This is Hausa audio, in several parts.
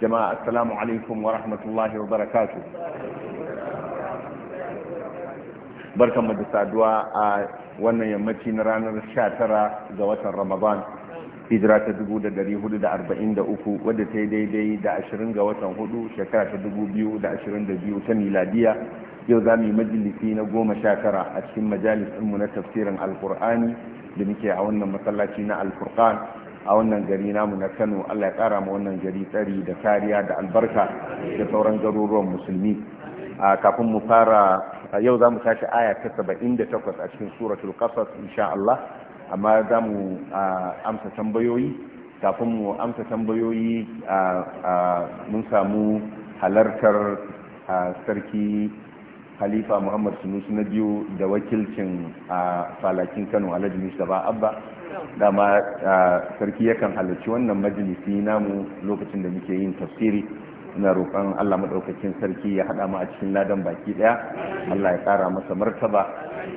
jama'a assalamu alaikum wa rahmatullahi wa barakatu mu da saduwa a wannan yammaci na ranar 19 ga watan ramadan hijira ta 443 wadda ta yi daidai da 20 ga watan 4 shekara ta 2022 ta miladiya yau za mu yi majalisi na goma sha a cikin majalisinmu na tafsirin alkur'ani da muke a wannan masallaci na alkur'an a wannan gari namu na kano allah ya kara ma wannan gari tsari da kariya da albarka da sauran garuruwan musulmi a kafin mu fara yau zamu mu tashi aya ta saba'in da takwas a cikin suratul qasas insha allah amma zamu mu amsa tambayoyi kafin mu amsa tambayoyi mun samu halartar sarki halifa muhammad sunusu na biyu da wakilcin falakin kano alhaji mustapha abba dama sarki yakan halarci wannan majalisi namu lokacin da muke yin tafsiri na roƙon Allah maɗaukakin sarki ya haɗa mu a cikin ladan baki ɗaya Allah ya ƙara masa martaba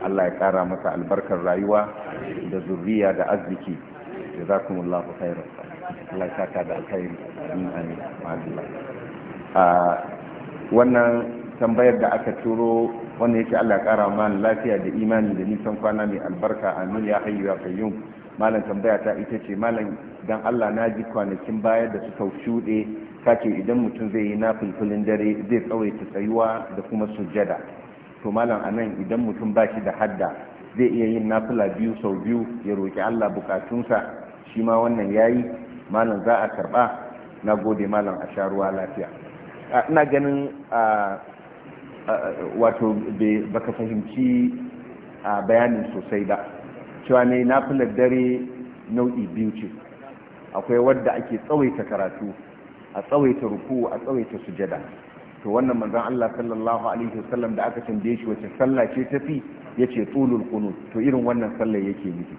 Allah ya ƙara masa albarkar rayuwa da zurriya da arziki ku khairan Allah ya saka da alkhairi amin amin wannan tambayar da aka turo wannan yake Allah ya ƙara ma'an lafiya da imani da nisan kwana mai albarka amin ya hayyu ya kayyum malam tambaya ta ita ce malam dan Allah na ji kwanakin baya da suka shuɗe kace idan mutum zai yi na dare zai tsawaita tsayuwa da kuma sujjada to malam anan idan mutum ba shi da hadda zai iya yin nafula biyu sau biyu ya roki Allah bukatunsa shi ma wannan yayi malam za a karba na gode malam a sha ruwa lafiya ina ganin wato baka fahimci bayanin sosai ba cewa ne nafilar dare nau'i biyu ce akwai wadda ake tsawaita karatu a tsawaita ruku a tsawaita sujada to wannan manzon Allah sallallahu alaihi wasallam da aka tambaye shi wace sallah ce tafi yace tulul qunut to irin wannan sallar yake nufi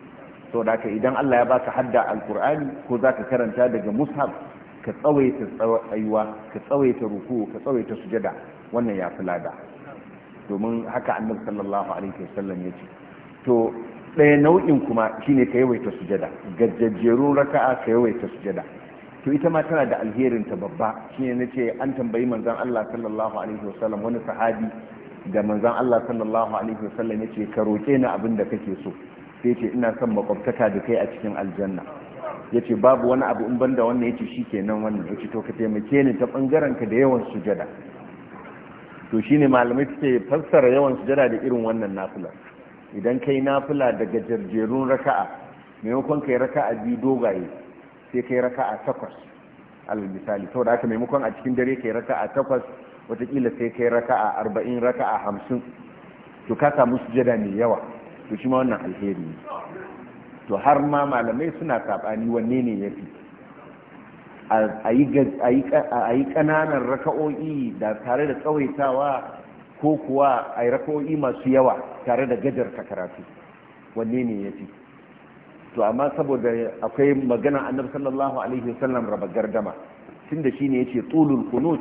da haka idan Allah ya baka hadda alqur'ani ko zaka karanta daga mushaf ka tsawaita tsayuwa ka tsawaita ruku ka tsawaita sujada wannan ya fi lada domin haka annabi sallallahu alaihi wasallam yace to ɗaya nau'in kuma shine ka yawaita sujada gajajjerun raka'a ka yawaita sujada to ita ma tana da alherin ta babba shine ce an tambayi manzon Allah sallallahu alaihi wasallam wani sahabi da manzon Allah sallallahu alaihi wasallam ce ka roke ni abin da kake so sai ce ina son makwabtaka da kai a cikin aljanna ya ce babu wani abu in banda wannan ya ce ke nan wannan ya ce to ka taimake ni ta bangaren ka da yawan sujada to shine malamai suke fassara yawan sujada da irin wannan nafilar idan kai nafila daga jarjerun raka'a maimakon kai raka'a biyu dogaye sai kai raka'a takwas alal sau da aka maimakon a cikin dare kai raka'a takwas watakila sai kai raka'a arba'in raka'a hamsin to ka samu jada mai yawa to shi ma wannan alheri to har ma malamai suna saɓani wanne ne ya fi a yi ƙananan raka'o'i da tare da tsawaitawa ko kuwa a raka'o'i masu yawa tare da ta karatu wanne ne ya fi to amma saboda akwai magana annabi sallallahu alaihi wasallam raba gardama tun da shi ne ya yace tsulul kunut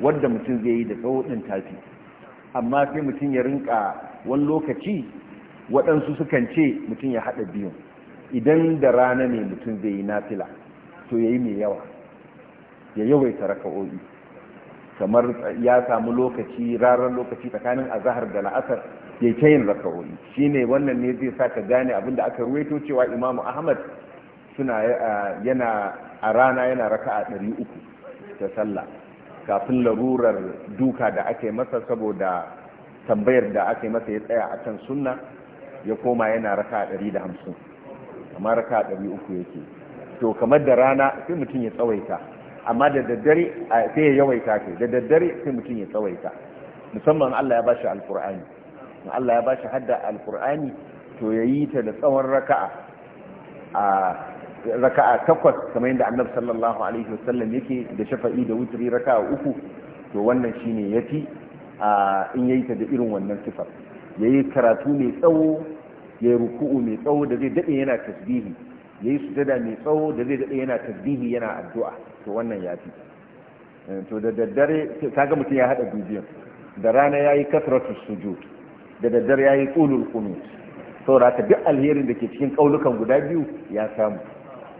wadda mutum zai yi da tsawo din tafi amma sai mutum ya rinka wani lokaci waɗansu sukan ce mutum ya haɗa biyun idan da rana ne mutum zai yi nafila to ya yi mai yawa ya yawaita raka'o'i kamar ya samu lokaci raran lokaci tsakanin azahar da la'asar ya ke yin rakawoyi shine wannan ne zai sa ka gane abin da aka ruwaito cewa imamu ahmad suna eh, yana a rana yana raka ɗari uku ta sallah kafin larurar duka da ake masa saboda tambayar da ake masa ya tsaya a kan sunna ya koma yana a ɗari da hamsin amma a ɗari uku yake to kamar da rana sai mutum ya tsawaita amma da daddare sai ya yawaita kai da daddare sai mutum ya tsawaita musamman Allah ya bashi alkur'ani Allah ya bashi hadda alkur'ani to ya yi ta da tsawon raka'a a raka'a takwas kamar yadda annabi sallallahu alaihi wasallam yake da shafa'i da wutri raka'a uku to wannan shine yafi a in yayi ta da irin wannan sifar yayi karatu mai tsawo yayi ruku'u mai tsawo da zai dade yana tasbihi yayi sujada mai tsawo da zai daɗe yana tasbihi yana addu'a to wannan ya fi eh, to da daddare kaga mutum ya haɗa dubiyan da rana ya yi kasratu sujud da daddare ya yi tsulul qunut saboda ka duk alherin da ke cikin ƙaunukan guda biyu ya samu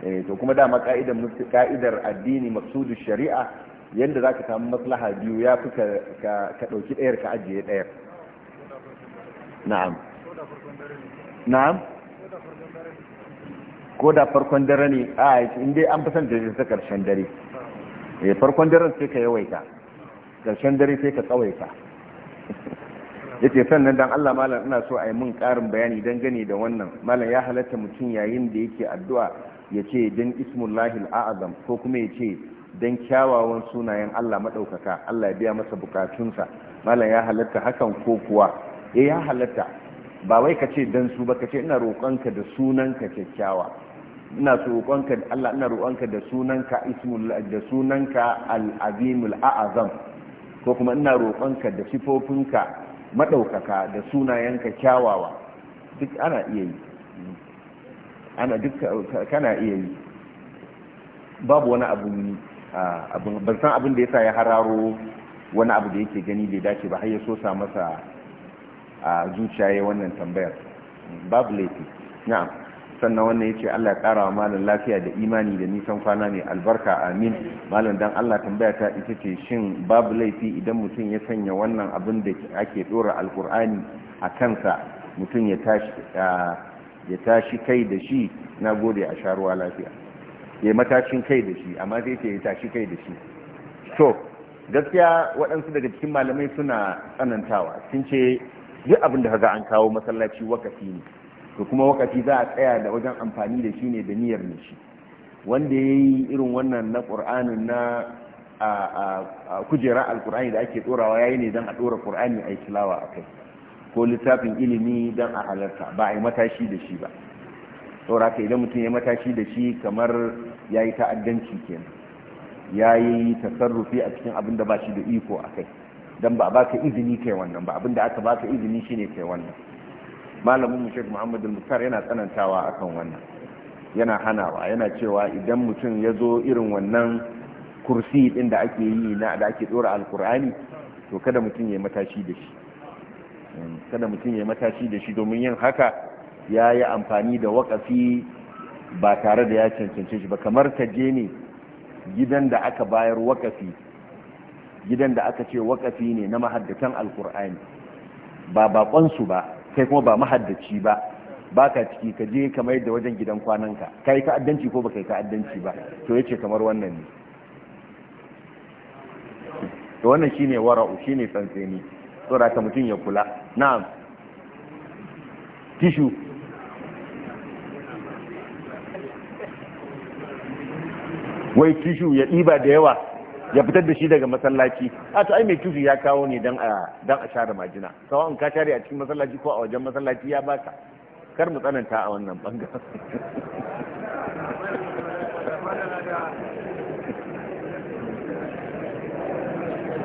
eh, to kuma dama ka'idar addini maqsudu shari'a yadda za ka samu maslaha biyu ya fi ka ka dauki ka ajiye ɗayar na'am na'am ko da farkon dare ne a in dai an fi son jirgin ta karshen dare eh farkon daren sai ka yawaita karshen dare sai ka tsawaita yake sannan dan Allah malam ina so a yi mun karin bayani gani da wannan malam ya halatta mutum yayin da yake addu'a ya ce dan ismullahil a'azam ko kuma ya ce dan kyawawan sunayen Allah maɗaukaka, Allah ya biya masa bukatunsa malam ya halatta hakan ko kuwa eh, ya halatta ba wai ka ce dan su ba ka ce ina roƙonka da sunanka kyakkyawa ina roƙonka Allah ina roƙonka da sunanka ismul da sunanka al-azimul a'azam ko kuma ina roƙonka da sifofinka madaukaka da sunayenka kyawawa duk ana iya yi ana duk kana iya yi babu wani abu ni abin ban san abin da yasa ya hararo wani abu da yake gani bai dace ba har ya so sa masa a zuciya wannan tambayar babu laifi na'am sannan wannan ce Allah ya kara wa malam lafiya da imani da nisan kwana mai albarka amin malam dan Allah tambaya ta ita ce shin babu laifi idan mutum ya sanya wannan abin da ake dora alkur'ani a kansa mutum ya tashi ya tashi kai da shi na gode a sharuwa lafiya ya matashin kai da shi amma sai ce ya tashi kai da shi to gaskiya waɗansu daga cikin malamai suna tsanantawa sun ce duk abin da ga an kawo masallaci wakafi ne to kuma wakati za a tsaya da wajen amfani da shi ne da niyyar ne shi wanda ya yi irin wannan na ƙur'anin na a kujera alƙur'ani da ake ɗorawa ya yi ne don a ɗora ƙur'ani a yi tilawa a kai ko littafin ilimi don a halarta ba a yi matashi da shi ba saura ka idan mutum ya matashi da shi kamar ya yi ta'addanci kenan ya yi tasarrufi a cikin abin da ba shi da iko a kai don ba a baka izini kai wannan ba abin da aka baka izini shi ne kai wannan malamin mu Sheikh Muhammad al-Muktar yana tsanantawa akan wannan yana hanawa yana cewa idan mutum ya zo irin wannan kursi din da ake yi na da ake dora alkur'ani to kada mutum ya matashi da shi hmm, kada mutum ya matashi da shi domin yin haka ya yi amfani da wakafi ba tare da ya cancance shi ba kamar ka je ne gidan da aka bayar wakafi gidan da aka ce wakafi ne na mahaddatan alkur'ani ba bakonsu ba kai kuma ba mahaddaci ba ba ka ciki ka je ka mayar da wajen gidan kwananka ka yi ta'addanci ko ba ka yi ta'addanci ba to ce kamar wannan ne to wannan shine wara'u shine tsantseni da ka mutum ya kula na'am tishu wai tishu ya ɗiba da yawa ya fitar da shi daga masallaci a to ai mai tufi ya kawo ne don a share majina sawan ka share a cikin masallaci ko a wajen masallaci ya baka kar mu tsananta a wannan bangaren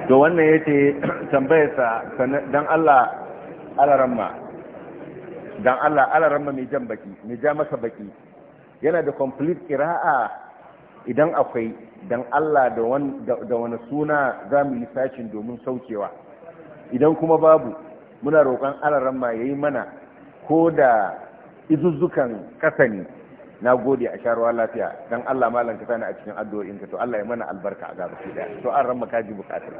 to wannan ya ce sa dan Allah alaramma dan Allah alaramma mai jan baki mai ja masa baki yana da complete qira'a idan akwai dan Allah da wani suna za mu yi sakin domin saukewa idan kuma babu muna roƙon alaran ma ya yi mana ko da izuzzukan ƙasa ne na gode a sharuwa lafiya don Allah malam ka sani a cikin addu'o'inka to Allah ya mana albarka a gaba daya to an ramma kaji bukatar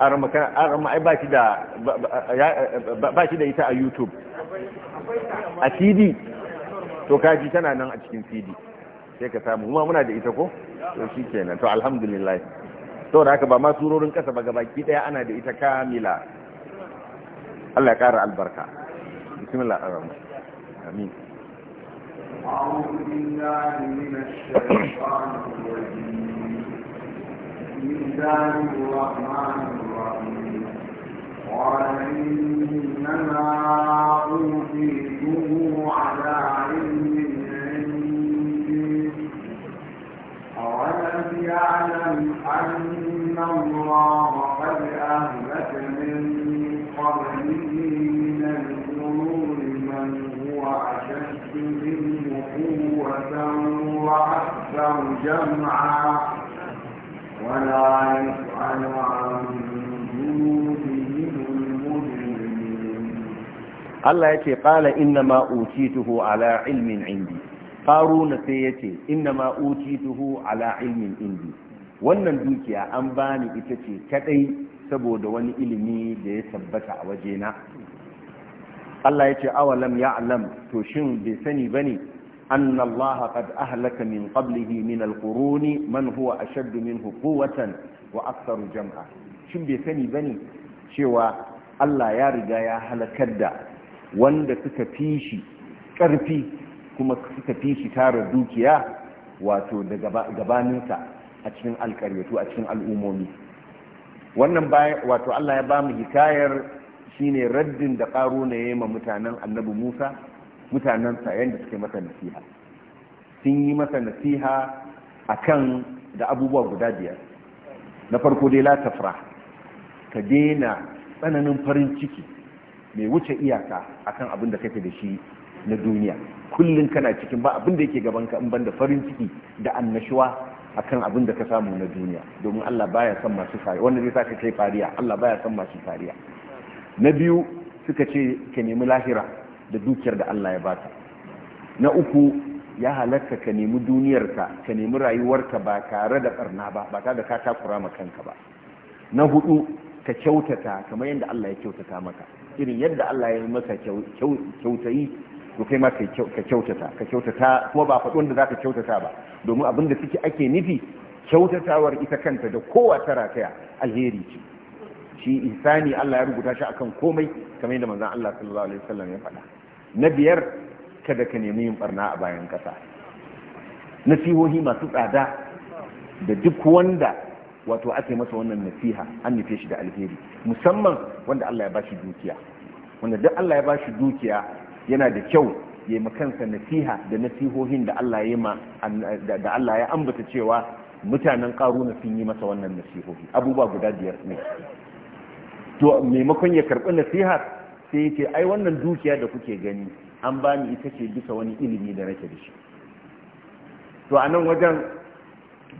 an ramma ai ba shi da ita a YouTube a cd to kaji tana nan a cikin cd sai ka samu kuma muna da ita ko to shi kenan to alhamdulillah da haka ba ma surorin kasa ba gabaki daya ana da ita kamila Allah ya kara albarka bismillah arrahman amin أعوذ بالله من الشيطان الرجيم بسم الله الرحمن الرحيم قال إن Allah ya ce ƙala inna ma'uci tuhu ala ilmin indi faruna sai ya ce inna ma'uci tuhu ala ilmin indi wannan dukiya an bani ita ce kaɗai saboda wani ilimi da ya tabbata a wajena Allah ya ce awalam ya alam to shin bai sani ba ne an Allah qad ahlaka min qablihi min alquruni man huwa ashaddu minhu quwwatan wa akthar jam'a shin bai sani ba ne cewa Allah ya riga ya halakar da wanda suka fi shi ƙarfi kuma suka fi shi tara dukiya wato da gabaninsa a cikin alƙaryatu a cikin al'umomi wannan wato Allah ya ba mu hikayar shine raddin da ƙaro na ya ma mutanen annabi musa mutanensa yadda suke masa nasiha sun yi masa nasiha a kan da abubuwa guda biyar na farko dai la tafra ka daina tsananin farin ciki mai wuce iyaka akan abin da kake da shi na duniya kullum kana cikin ba abin da yake gabanka in ban da farin ciki da annashuwa akan abin da ka samu na duniya domin Allah baya son masu fariya wanda zai sake kai fariya Allah baya san masu fariya na biyu suka ce ka nemi lahira da dukiyar da Allah ya baka na uku ya halatta ka nemi duniyarka ka nemi rayuwarka ba tare da barna ba ba tare da ka takura ma kanka ba na hudu ka kyautata kamar yadda Allah ya kyautata maka irin yadda Allah ya maka kyautayi to kai ma ka kyautata ka kyautata kuma ba faɗi da zaka kyautata ba domin abin da suke ake nufi kyautatawar ita kanta da kowa ta rakaya alheri ce shi insani Allah ya rubuta shi akan komai kamar yadda manzon Allah sallallahu alaihi wasallam ya faɗa na biyar kada ka nemi yin barna a bayan kasa nasihohi masu tsada da duk wanda wato ake masa wannan nasiha an nufe shi da alheri musamman wanda Allah ya bashi dukiya wanda duk Allah ya shi dukiya yana da kyau ya yi kansa nasiha da nasihohin da Allah ya ma da Allah ya ambata cewa mutanen karuna sun yi masa wannan nasihohi abubuwa guda biyar ne to maimakon ya karɓi nasiha sai ya ce ai wannan dukiya da kuke gani an bani ita ce bisa wani ilimi da nake da shi to a nan wajen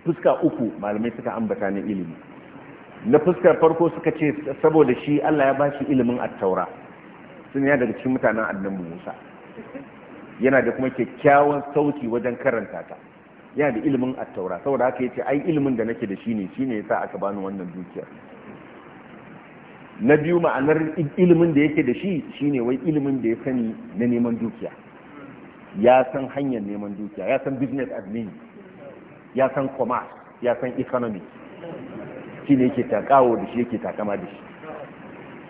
fuska uku malamai suka ambata ni ilimi na fuskar farko suka ce saboda shi Allah ya bashi ilimin attaura sun ya daga cikin mutanen annabi Musa yana da kuma kyakkyawan sauti wajen karanta ta yana da ilimin attaura saboda haka yace ai ilimin da nake da shi ne shine yasa aka bani wannan dukiyar na biyu ma'anar ilimin da yake da shi shine wai ilimin da ya sani na neman dukiya ya san hanyar neman dukiya ya san business admin ya san commerce ya san economy shi ne yake takawo da shi yake takama da shi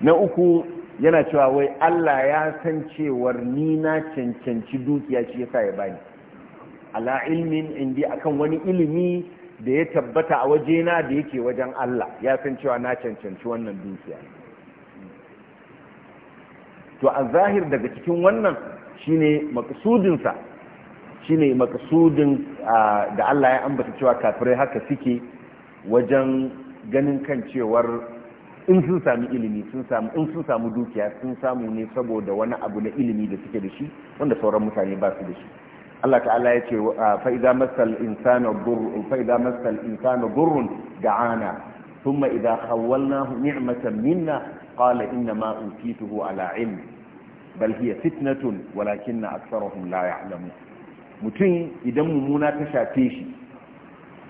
na uku yana cewa wai Allah ya san cewar ni na cancanci dukiya shi yasa ya bani ala ilmin indi akan wani ilimi da ya tabbata a waje na da yake wajen Allah ya san cewa na cancanci wannan dukiya to a zahir daga cikin wannan shine maksudinsa shine makasudin da Allah ya ambata cewa kafirai haka suke wajen ganin kan cewar in sun sami ilimi sun samu in sun samu dukiya sun samu ne saboda wani abu na ilimi da suke da shi wanda sauran mutane ba su da shi Allah ta'ala ya ce fa idza masal insana dhurrun fa idza masal insana dhurrun da'ana thumma idza khawwalnahu ni'matan minna qala inna ma utituhu ala ilm bal hiya fitnatun walakinna aktharuhum la ya'lamun mutum idan mummuna ta shafe shi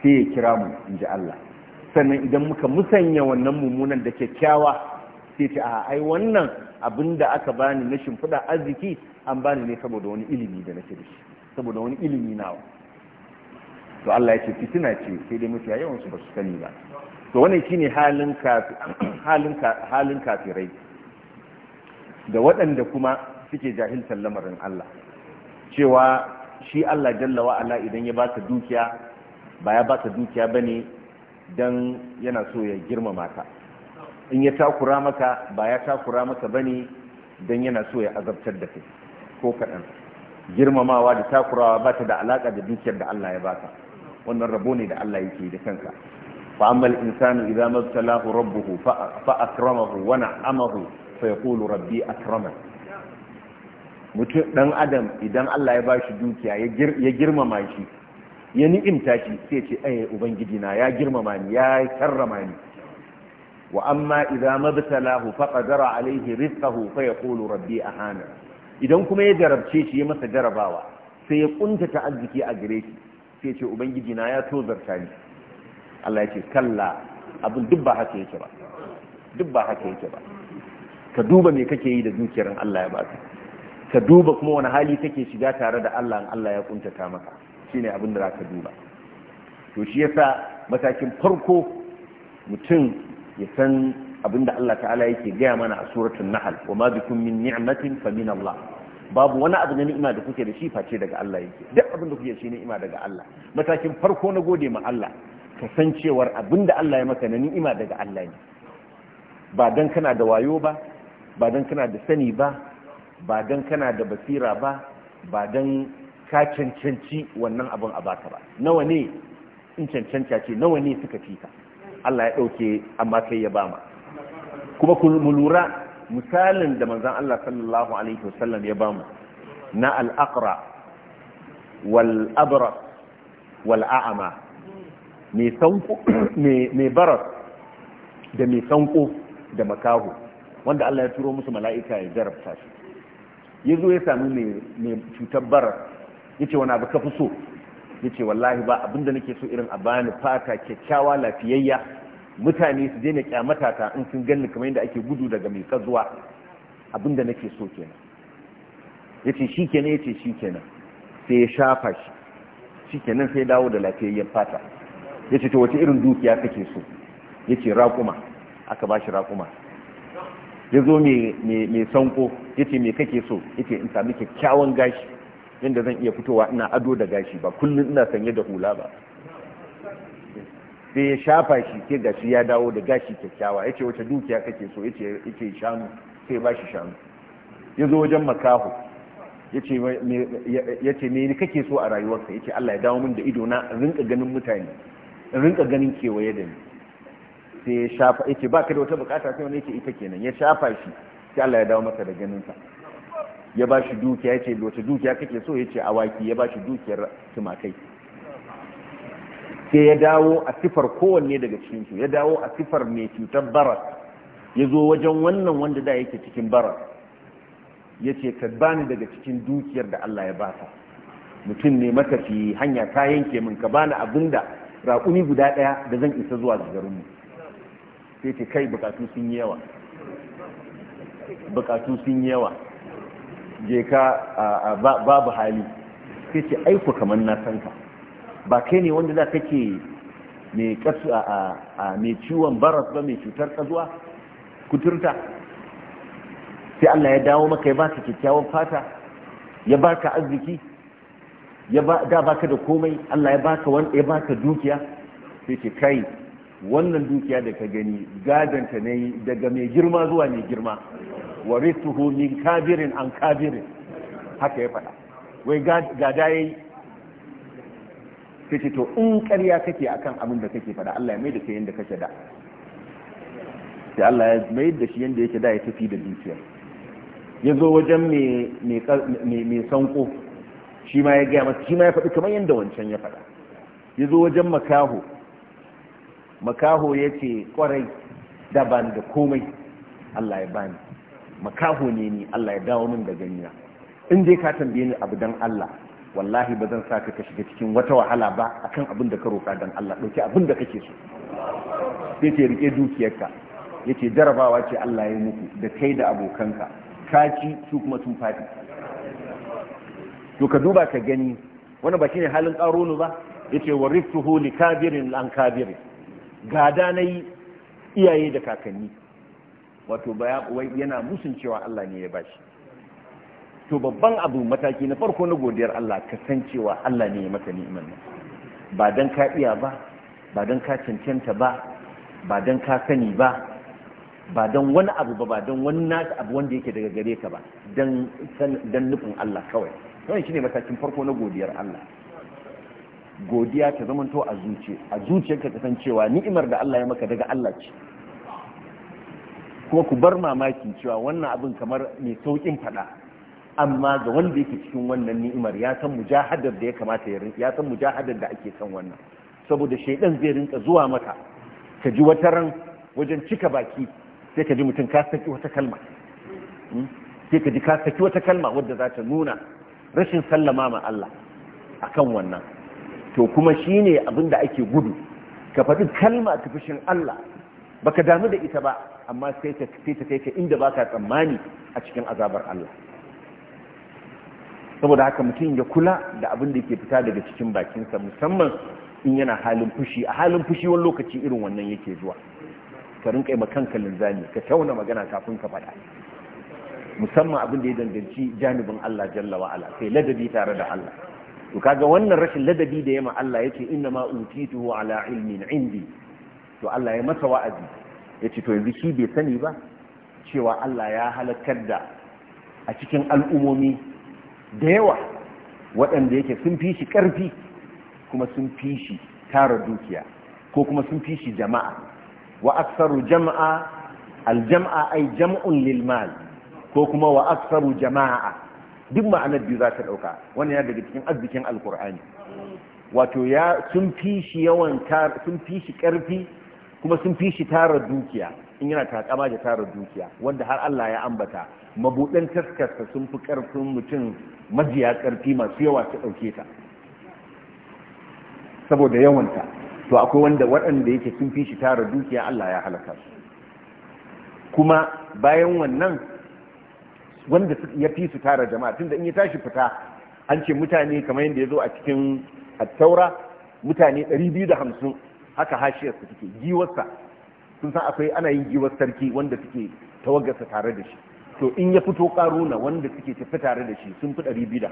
sai ya kira mu in ji Allah sannan idan muka musanya wannan mummunan da kyakkyawa sai ce a ai wannan abin da aka bani na shimfiɗa arziki an bani ne saboda wani ilimi da nake da shi saboda wani ilimi nawa to Allah ya ce fitina ce sai dai mafiya yawan su ba su sani ba to wannan shine halin halin halin kafirai da waɗanda kuma suke jahiltar lamarin Allah cewa shi Allah jalla wa'ala idan ya ba ta dukiya ba ya ba ta dukiya ba ne don yana so ya girmama in ya takura maka ba ya takura maka ba ne don yana so ya azabtar da kai ko kaɗan girmamawa da takurawa ba ta da alaƙa da dukiyar da Allah ya ba baka wannan rabo ne da Allah yake da kanka fa amma al-insanu idza mabtalahu rabbuhu fa akramahu wa na'amahu fa yaqulu rabbi akramani mutum ɗan adam idan Allah ya ba shi dukiya ya girmama shi ya ni'imta shi sai ce eh ubangiji na ya girmama ni ya karrama ni wa amma idza mabtalahu faqadara alayhi rizqahu fa yaqulu rabbi ahana idan kuma ya jarabce shi ya masa jarabawa sai ya kuntata arziki a gare shi sai ce ubangiji na ya tozarta ni Allah ya ce kalla abin duk ba haka yake ba duk ba haka yake ba ka duba me kake yi da dukiyar Allah ya baka ka duba kuma wani hali take shiga tare da Allah in Allah ya kuntata maka shine abin da zaka duba to shi yasa matakin farko mutum ya san abin da Allah ta'ala yake gaya mana a suratul nahl wa ma bikum min ni'matin fa min Allah babu wani abu na ni'ima da kuke da shi face daga Allah yake duk abin da kuke shi ni'ima daga Allah matakin farko na gode ma Allah ka kasancewar abin da Allah ya maka na ni'ima daga Allah ne ba dan kana da wayo ba ba dan kana da sani ba ba don kana da basira ba ba don ka cancanci wannan abin a baka ba nawa ne in cancanta ce nawa ne suka fi ka Allah ya ɗauke amma kai ya bama kuma ku lura misalin da manzan Allah sallallahu alaihi wasallam ya bamu na al'akra aqra wal mai sanko baras da mai sanko da makaho wanda Allah ya turo musu mala'ika ya jarabta shi ya zo ya sami mai cutar bara ya ce wani abu ka fi so ya ce wallahi ba abinda nake so irin a bani fata kyakkyawa lafiyayya mutane su daina kyamata ta in sun ganni kamar yadda ake gudu daga mai zuwa abinda nake so kenan ya ce shi kenan ya ce shi kenan sai ya shafa shi shi kenan sai dawo da lafiyayyen fata ya ce ta wace irin dukiya kake so ya ce raƙuma aka ba shi raƙuma ya zo mai sanko yace me kake so yace in sami kyakkyawan gashi inda zan iya fitowa ina ado da gashi ba kullum ina sanye da hula ba sai ya shafa shi sai gashi ya dawo da gashi kyakkyawa yace wace dukiya kake so yace yace shanu sai ba shi shanu ya zo wajen makaho yace me ni kake so a rayuwarka yace Allah ya dawo min da ido na in rinka ganin mutane in rinka ganin kewaye da ni sai ya shafa yace ba ka da wata bukata sai wani yace ita kenan ya shafa shi sai Allah ya dawo masa da ganinsa ya ba shi dukiya ya ce wace dukiya kake so ya ce awaki ya ba shi dukiyar tumakai sai ya dawo a sifar kowanne daga cikin su ya dawo a sifar mai cutar baras ya zo wajen wannan wanda da yake cikin baras ya ce ka bani daga cikin dukiyar da Allah ya ba ta mutum ne maka matafi hanya ta yanke min ka bani abin da raƙuni guda ɗaya da zan isa zuwa garinmu sai ce kai bukatu sun yi yawa bukatu sun yi yawa je ka babu hali sai ce aiku kamar na san ba kai ne wanda za kake mai kasu a mai ciwon baras ba mai cutar kazuwa kuturta sai Allah ya dawo maka ya baka kyakkyawan fata ya baka arziki ya ba da baka da komai Allah ya baka wanda dukiya sai ce kai wannan dukiya da ka gani gadanta ne daga mai girma zuwa mai girma rituhu min kabirin an kabirin haka ya faɗa wai gada yi kace to in ƙarya kake a kan abin da kake faɗa Allah ya mai da kai yadda kake da sai Allah ya mai da shi yadda yake da ya tafi da dukiyar ya zo wajen mai sanko shi ma ya gaya masa shi ma ya faɗi kamar yadda wancan ya faɗa ya zo wajen makaho makaho ya ce kwarai daban da komai Allah ya bani makaho ne ni Allah ya dawo min da ganiya in dai ka tambaye ni abu dan Allah wallahi ba zan sa ka shiga cikin wata wahala ba akan abin da ka roƙa dan Allah dauki abin da kake so sai ce rike dukiyarka yace jarabawa ce Allah ya muku da kai da abokanka kaci su kuma sun fadi to ka duba ka gani wani ba shine halin ƙaronu ba yace wariftuhu likabirin an kabirin gada na yi iyaye da kakanni wato yana musun cewa Allah ne ya bashi to babban abu mataki na farko na godiyar Allah ka san cewa Allah ne ya maka ni'imar nan ba dan ka iya ba ba dan ka cancanta ba ba dan ka sani ba ba dan wani abu ba ba dan wani nasu abu wanda yake daga gare ka ba dan nufin Allah kawai wannan shine matakin farko na godiyar Allah godiya ta zamanto a zuciya a zuciyarka cewa ni'imar da Allah ya maka daga Allah ce kuma ku bar mamakin cewa wannan abin kamar mai saukin fada amma ga wanda yake cikin wannan ni'imar ya san mujahadar da ya kamata ya ya san mujahadar da ake kan wannan saboda shaidan zai rinka zuwa maka ka ji wata ran wajen cika baki sai ka ji mutum ka saki wata kalma hmm? sai ka ji ka saki wata kalma wadda za ta nuna rashin sallama ma Allah akan wannan to kuma shine abin da ake gudu ka faɗi kalma ta fushin Allah baka damu da ita ba amma sai ta kai ka inda baka tsammani a cikin azabar Allah saboda haka mutum ya kula da abin da ke fita daga cikin bakinsa musamman in yana halin fushi a halin fushi wani lokaci irin wannan yake zuwa ka rinka yi makanka linzami ka tauna magana kafin ka faɗa musamman abin da ya danganci janibin Allah jalla wa'ala sai ladabi tare da Allah to kaga wannan rashin ladabi da ma Allah yace inna ma utituhu ala ilmin indi to Allah ya masa wa'azi yace to yanzu shi bai sani ba cewa Allah ya halakar da a cikin al'umomi da yawa waɗanda yake sun fi shi ƙarfi kuma sun fi shi tara dukiya ko kuma sun fi shi jama'a wa aksaru jama'a aljama'a ai jam'un lil mal ko kuma wa aksaru jama'a duk ma'anar biyu za ta ɗauka wannan yana daga cikin arzikin alkur'ani wato ya sun fi shi yawan sun fi shi ƙarfi kuma sun fi shi tara dukiya in yana takama da tara dukiya wanda har Allah ya ambata mabuɗin taskarsa sun fi ƙarfin mutum majiya ƙarfi masu yawa ta ɗauke ta saboda yawanta to akwai wanda waɗanda yake sun fi shi tara dukiya Allah ya halaka su kuma bayan wannan wanda ya fi su tara jama'a tunda in ya tashi fita an ce mutane kamar yadda ya zo a cikin attaura mutane 250 haka hashiyar su take giwarsa sun san akwai ana yin giwar sarki wanda suke tawagarsa tare da shi to in ya fito karuna wanda suke tafi tare da shi sun fi 250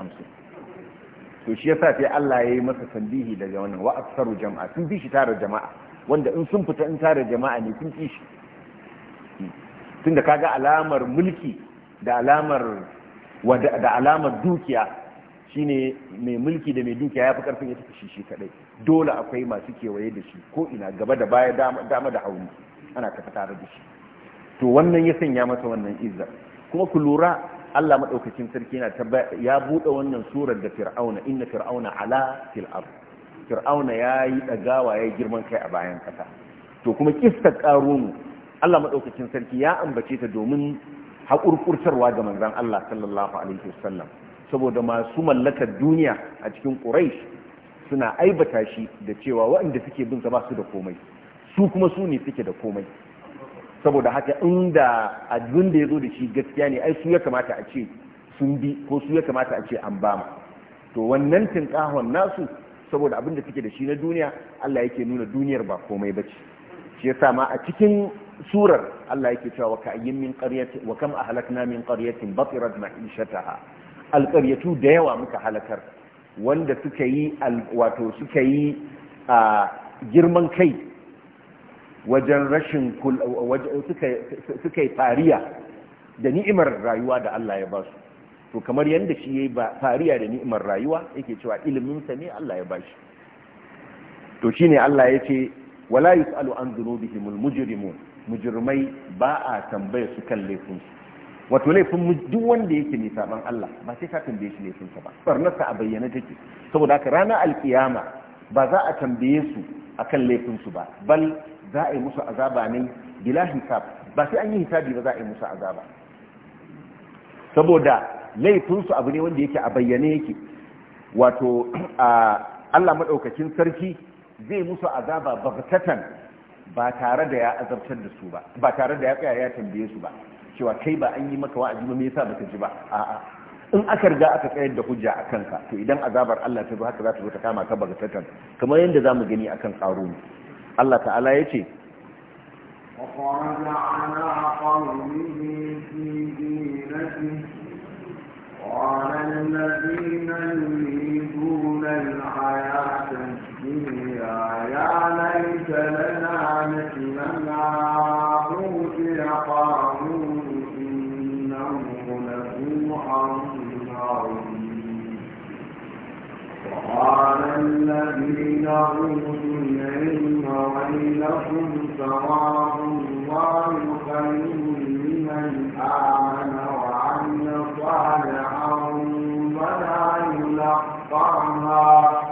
to shi yasa sai Allah ya yi masa sandihi daga wannan wa aksaru jama'a sun fi shi tara jama'a wanda in sun fita in tare jama'a ne sun fi shi hmm. tunda kaga alamar mulki da alamar dukiya shine mai mulki da mai dukiya ya fi karfin ya tafi shi kadai dole akwai masu kewaye da shi ko ina gaba da baya dama da hauni ana tafi tare da shi to wannan ya sanya masa wannan izza kuma ku lura Allah madaukakin sarki yana ya bude wannan surar da fir'auna inna fir'auna ala fil ard fir'auna yayi dagawa yayi girman kai a bayan kasa to kuma kissa qarun Allah madaukakin sarki ya ambace ta domin haƙurƙurtarwa ga manzan Allah sallallahu alaihi wasallam saboda masu mallakar duniya a cikin Quraysh suna aibata shi da cewa waɗanda suke bin sa su da komai su kuma su ne suke da komai saboda haka inda abin da ya zo da shi gaskiya ne ai su ya kamata a ce sun bi ko su ya kamata a ce an bama to wannan tinkahon nasu saboda abin da suke da shi na duniya Allah yake nuna duniyar ba komai bace shi yasa ma a cikin surar Allah yake cewa wa ka'ayyin min qaryati wa kam ahlakna min qaryatin batirat ma'ishataha alqaryatu da yawa muka halakar wanda suka yi wato suka yi a girman kai wajen rashin suka yi fariya da ni'imar rayuwa da Allah ya ba su to kamar yadda shi ya yi fariya da ni'imar rayuwa yake cewa iliminsa ne Allah ya ba shi to shi ne Allah ya ce wala yus'alu an dhunubihim almujrimun mujrimai ba a tambaye su kan laifin wato laifin duk wanda yake mai saban Allah ba sai ka tambaye shi laifin sa ba barnarsa a bayyana take saboda haka ranar alkiyama ba za a tambaye su akan laifin su ba bal za a yi musu azaba ne hisab ba sai an yi hisabi ba za a yi musu azaba saboda laifinsu abu ne wanda yake a bayyane yake wato Allah maɗaukacin sarki zai musu azaba bagtatan ba tare da ya azabtar da su ba ba tare da ya tsaya ya tambaye su ba cewa kai ba an yi maka wa'azi ba me yasa baka ji ba a'a in aka riga aka tsayar da hujja a kanka to idan azabar Allah ta zo haka za ta zo ta kama ka bagatatan kamar yadda za mu gani akan ne Allah ta'ala yace وخرج الذين يريدون الحياة يا ليت لنا مثل ما أوتي قارون إنه لذو حظ عظيم وقال الذين أوتوا العلم ويلكم ثواب الله خير لمن آمن وعمل صالحا ولا يلقاها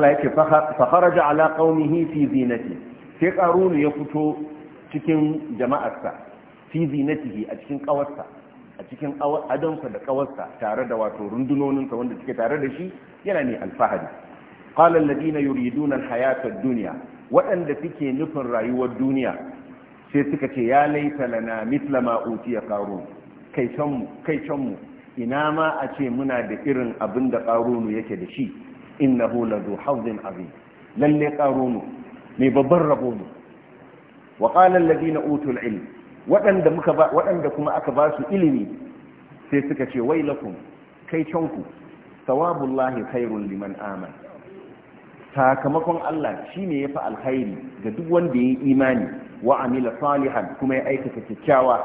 Allah yake fa ala qaumihi fi zinati sai qarun ya fito cikin jama'arsa fi zinatihi a cikin kawarsa a cikin adonsa da kawarsa tare da wato rundunoninsa wanda suke tare da shi yana ne alfahari qala alladhina yuriduna alhayata ad-dunya waɗanda suke nufin rayuwar duniya sai suka ce ya laita lana mitla ma utiya qarun kai can mu kai can mu ina ma a ce muna da irin abin da qarunu yake da shi innahu ladu hawzin azim lalle qarunu mai babban rabo ne wa qala alladhina utul ilm waɗanda muka waɗanda kuma aka basu ilimi sai suka ce wai wailakum kai canku sawabullahi khairun liman amana sakamakon Allah shi shine yafi alkhairi ga duk wanda yayi imani wa amila salihan kuma ya aikata kyakkyawa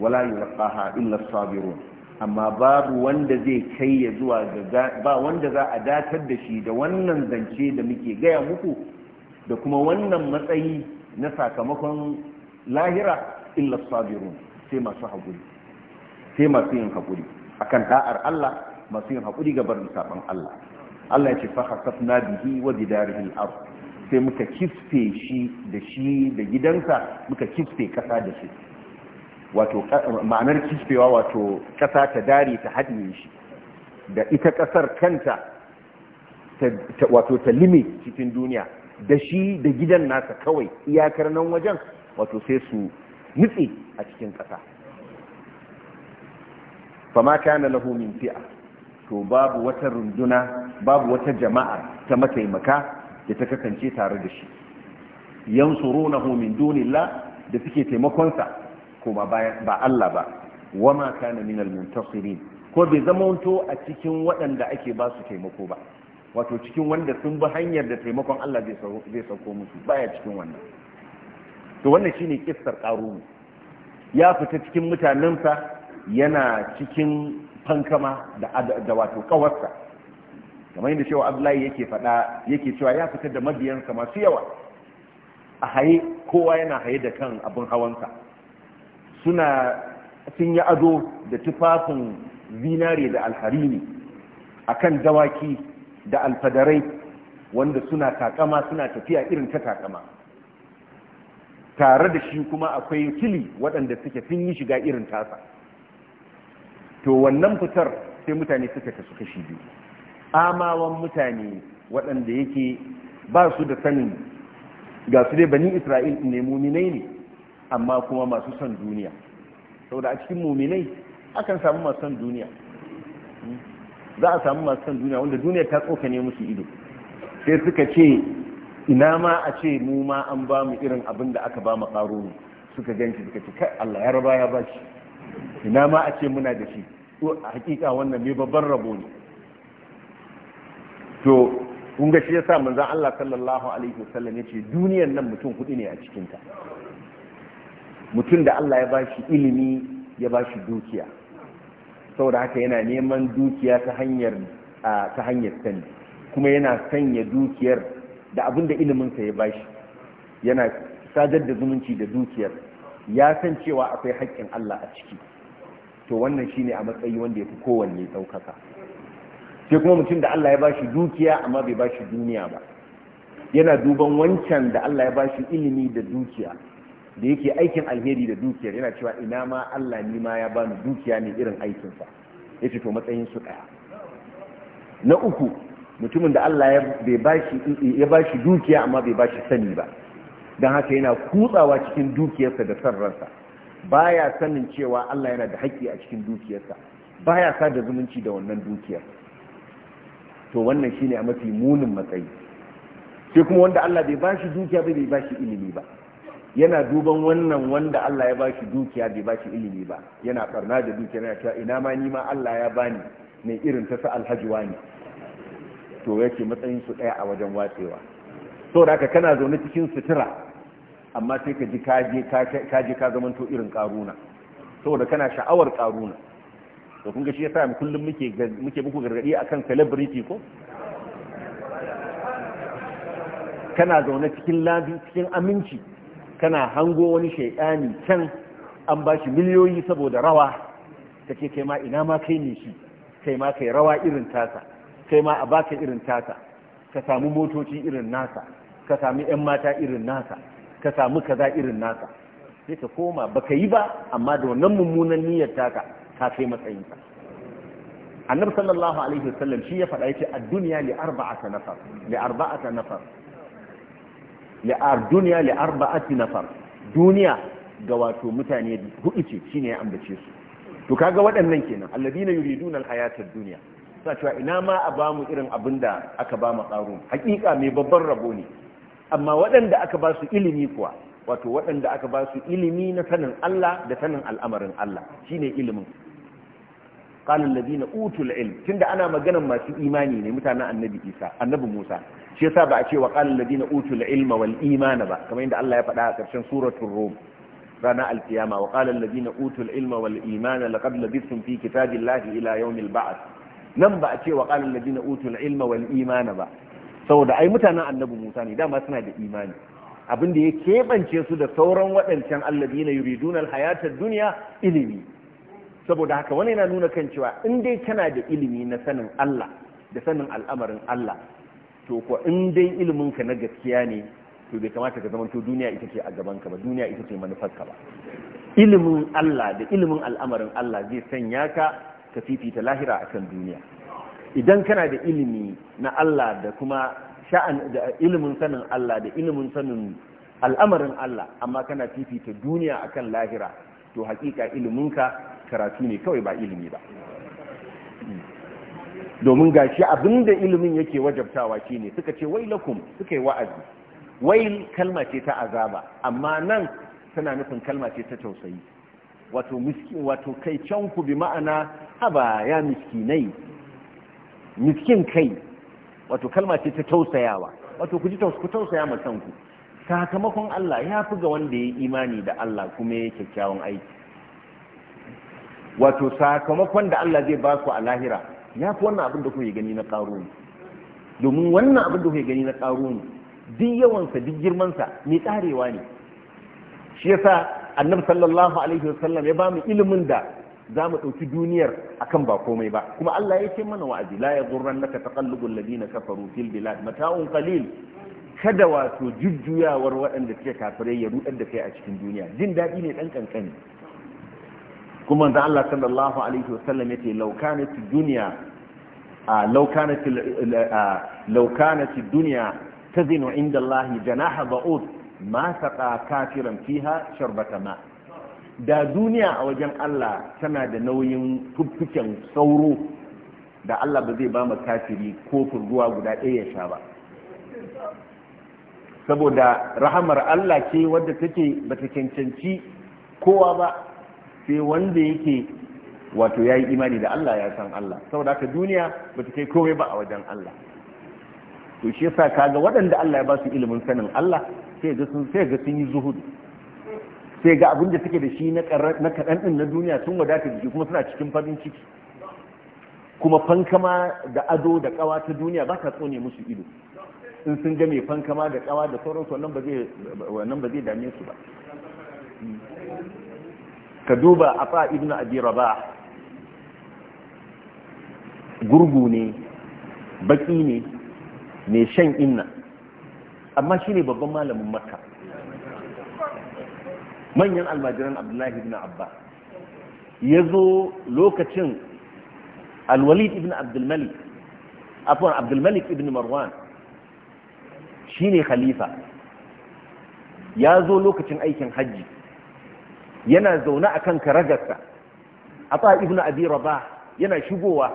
wala yulqaha illa as-sabirun amma babu wanda zai kai ya zuwa ga ba wanda za a datar da shi da wannan zance da muke gaya muku da kuma wannan matsayi na sakamakon lahira illa sabirun sai masu haƙuri sai masu yin haƙuri akan da'ar Allah masu yin haƙuri ga barin sabon Allah Allah ya ce fa hasafna bihi wa bidarihi al-ard sai muka kifte shi da shi da gidansa muka kifte kasa da shi wato ma'anar kispewa wato ƙasa ta dare ta haɗiye shi da ita ƙasar kanta wato ta lime cikin duniya da shi da gidan nasa kawai iyakar nan wajen wato sai su nutse a cikin ƙasa ma kana lahu min fi'a to babu wata runduna babu wata jama'a ta mataimaka da ta kasance tare da shi yansurunahu min dunillah da suke taimakonsa koma ba Allah ba ma kana min muntasirin ko bai zama wato a cikin waɗanda ake ba su taimako ba wato cikin wanda sun bi hanyar da taimakon Allah zai sauko musu baya cikin wannan to wannan shine kissar qarun ya fita cikin mutanensa yana cikin fankama da da wato kawarsa kamar yadda cewa Abdullahi yake faɗa yake cewa ya fita da mabiyansa masu yawa a haye kowa yana haye da kan abin hawansa suna sun yi ado da tufafin zinare da alharini akan dawaki da alfadarai wanda suna takama suna tafiya irin ta takama tare da shi kuma akwai kili waɗanda suke sun yi shiga irin tasa to wannan fitar sai mutane suka suka shi biyu amawan mutane waɗanda yake ba su da sanin ga su dai bani isra'il ne muminai ne amma kuma masu son duniya saboda a cikin muminai akan samu masu son duniya hmm? za a samu masu son duniya wanda duniya ta tsoka ne musu ido sai suka ce ina ma a ce mu ma an ba mu irin abin da aka ba mu karo ne suka ganci suka ce kai Allah ya raba ya bashi ina ma a ce muna da shi to a hakika wannan me babban rabo ne to kun ga shi yasa manzon Allah sallallahu alaihi wasallam ce duniyar nan mutum kudi ne a cikin ta mutum da Allah ya bashi ilimi ya bashi dukiya saboda haka yana neman dukiya ta hanyar ta hanyar sani kuma yana sanya dukiyar da abinda iliminsa ya bashi yana sadar da zumunci da dukiyar ya san cewa akwai haƙƙin Allah a ciki to wannan shine a matsayi wanda ya fi kowanne ɗaukaka sai kuma mutum da Allah ya bashi dukiya amma bai bashi duniya ba yana duban wancan da Allah ya bashi ilimi da dukiya da yake aikin alheri da dukiyar yana cewa ina ma Allah ni ma ya bani dukiya ne irin aikinsa ya ce to matsayin su ɗaya na uku mutumin da Allah ya ba shi dukiya amma bai ba shi sani ba don haka yana kutsawa cikin dukiyarsa da san ransa baya sanin cewa Allah yana da haƙƙi a cikin dukiyarsa baya da zumunci da wannan dukiyar to wannan shine a mafi munin matsayi sai kuma wanda Allah bai ba dukiya bai bai ba ilimi ba yana duban wannan wanda Allah ya bashi dukiya bai bashi ilimi ba yana barna da dukiya yana cewa ina ma ni ma Allah ya bani ne irin ta sa alhaji wani to yake matsayin su daya a wajen watsewa so da haka kana zaune cikin sutura amma sai ka ji kaje kaje ka zamanto irin karuna saboda kana sha'awar karuna to kun ga shi yasa kullum muke muke muku gargadi akan celebrity ko kana zaune cikin cikin aminci kana hango wani shaidani can an ba shi miliyoyi saboda rawa kake kai ma ina ma kai ne shi kai ma kai rawa irin tasa kai ma a baka irin tasa ka sami motoci irin nasa ka samu yan mata irin nasa ka samu kaza irin nasa sai ka koma baka yi ba amma da wannan mummunan niyyar taka ka kai matsayinsa. annabi sallallahu alaihi wasallam shi ya faɗa yace ad-dunya li arba'ata nafar li arba'ata nafar li'ar duniya li'ar ba'ati nafar duniya ga wato mutane hudu ce shine ya ambace su to kaga waɗannan kenan alladina yuriduna alhayatad duniya sa cewa ina ma a bamu irin abin da aka ba mu tsaro hakika mai babban rabo ne amma waɗanda aka ba su ilimi kuwa wato waɗanda aka ba su ilimi na sanin Allah da sanin al'amarin Allah shine ilimin qalan ladina utul ilm tunda ana maganan masu imani ne mutanen annabi Isa annabi Musa shi yasa ba a ce wa qalan ladina utul ilma wal imana ba kamar yadda Allah ya faɗa a ƙarshen suratul rum rana alkiyama wa qalan ladina utul ilma wal imana laqad labithtum fi kitabillahi ila yawmil ba'th nan ba a ce wa qalan ladina utul ilma wal imana ba saboda ai mutanen annabi Musa ne dama suna da imani abin da ya keɓance su da sauran waɗancan alladina yuriduna hayatar dunya ilimi saboda haka wani yana nuna kan cewa in dai kana da ilimi na sanin Allah da sanin al'amarin Allah to ko in dai ilimin ka na gaskiya ne to bai kamata ka zamanto duniya ita ce a gaban ka ba duniya ita ce manufar ka ba ilimin Allah da ilimin al'amarin Allah zai sanya ka ka fifita lahira akan duniya idan kana da ilimi na Allah da kuma sha'an da ilimin sanin Allah da ilimin sanin al'amarin Allah amma kana fifita duniya akan lahira to hakika iliminka karatu ne kawai ba ilimi ba domin gashi abinda ilimin yake wajabtawa shine suka ce wailakum suka yi wa'azi wai kalma ce ta azaba amma nan tana nufin kalma ce ta tausayi wato miskin wato kai canku bi ma'ana haba ya miskinai miskin kai wato kalma ce ta tausayawa wato ku ji ku tausaya ma sakamakon Allah ya fi ga wanda ya imani da Allah kuma ya yi kyakkyawan aiki wato sakamakon da Allah zai ba a lahira ya fi wannan abin da kuke gani na ƙaro ne domin wannan abin da kuke gani na ƙaro ne duk yawansa duk girmansa mai ƙarewa ne shi yasa annabi sallallahu alaihi wasallam ya ba mu ilimin da za mu ɗauki duniyar akan ba komai ba kuma Allah ya ce mana wa'azi la yaghurran naka taqallubul ladina kafaru fil bilad mata'un qalil kada wato jujjuyawar waɗanda suke kafirai ya rudar da kai a cikin duniya jin daɗi ne ɗan kankani kuma da Allah sallallahu alaihi wasallam yace law kanat dunya law kanat tazinu inda Allah janaha ba'ud ma saqa kafiran fiha sharbata ma da duniya a wajen Allah tana da nauyin fuffuken sauro da Allah ba zai ba mu kafiri ko furguwa guda ɗaya ya sha ba saboda rahamar Allah ce wadda take bata cancanci kowa ba sai wanda yake wato ya yi imani da Allah ya san Allah saboda haka duniya ba ta kai komai ba a wajen Allah to shi yasa kaga waɗanda Allah ya ba su ilimin sanin Allah sai ga sun sai ga sun yi zuhudu sai ga abin da suke da shi na kaɗan ɗin na duniya sun wadata da shi kuma suna cikin farin ciki kuma fankama da ado da kawa ta duniya ba ta tsone musu ido in sun ga mai fankama da kawa da sauransu wannan ba zai dame su ba ka duba a ibn abi ba, gurgu ne baki ne mai shan inna amma shi ne babban malamin makka manyan almajiran abdullahi ibn abba ya zo lokacin alwalid ibn abdulmalik afon abdulmalik ibn marwan shi ne khalifa ya zo lokacin aikin hajji yana zaune a kan karagarsa a ta ibn abi ba yana shigowa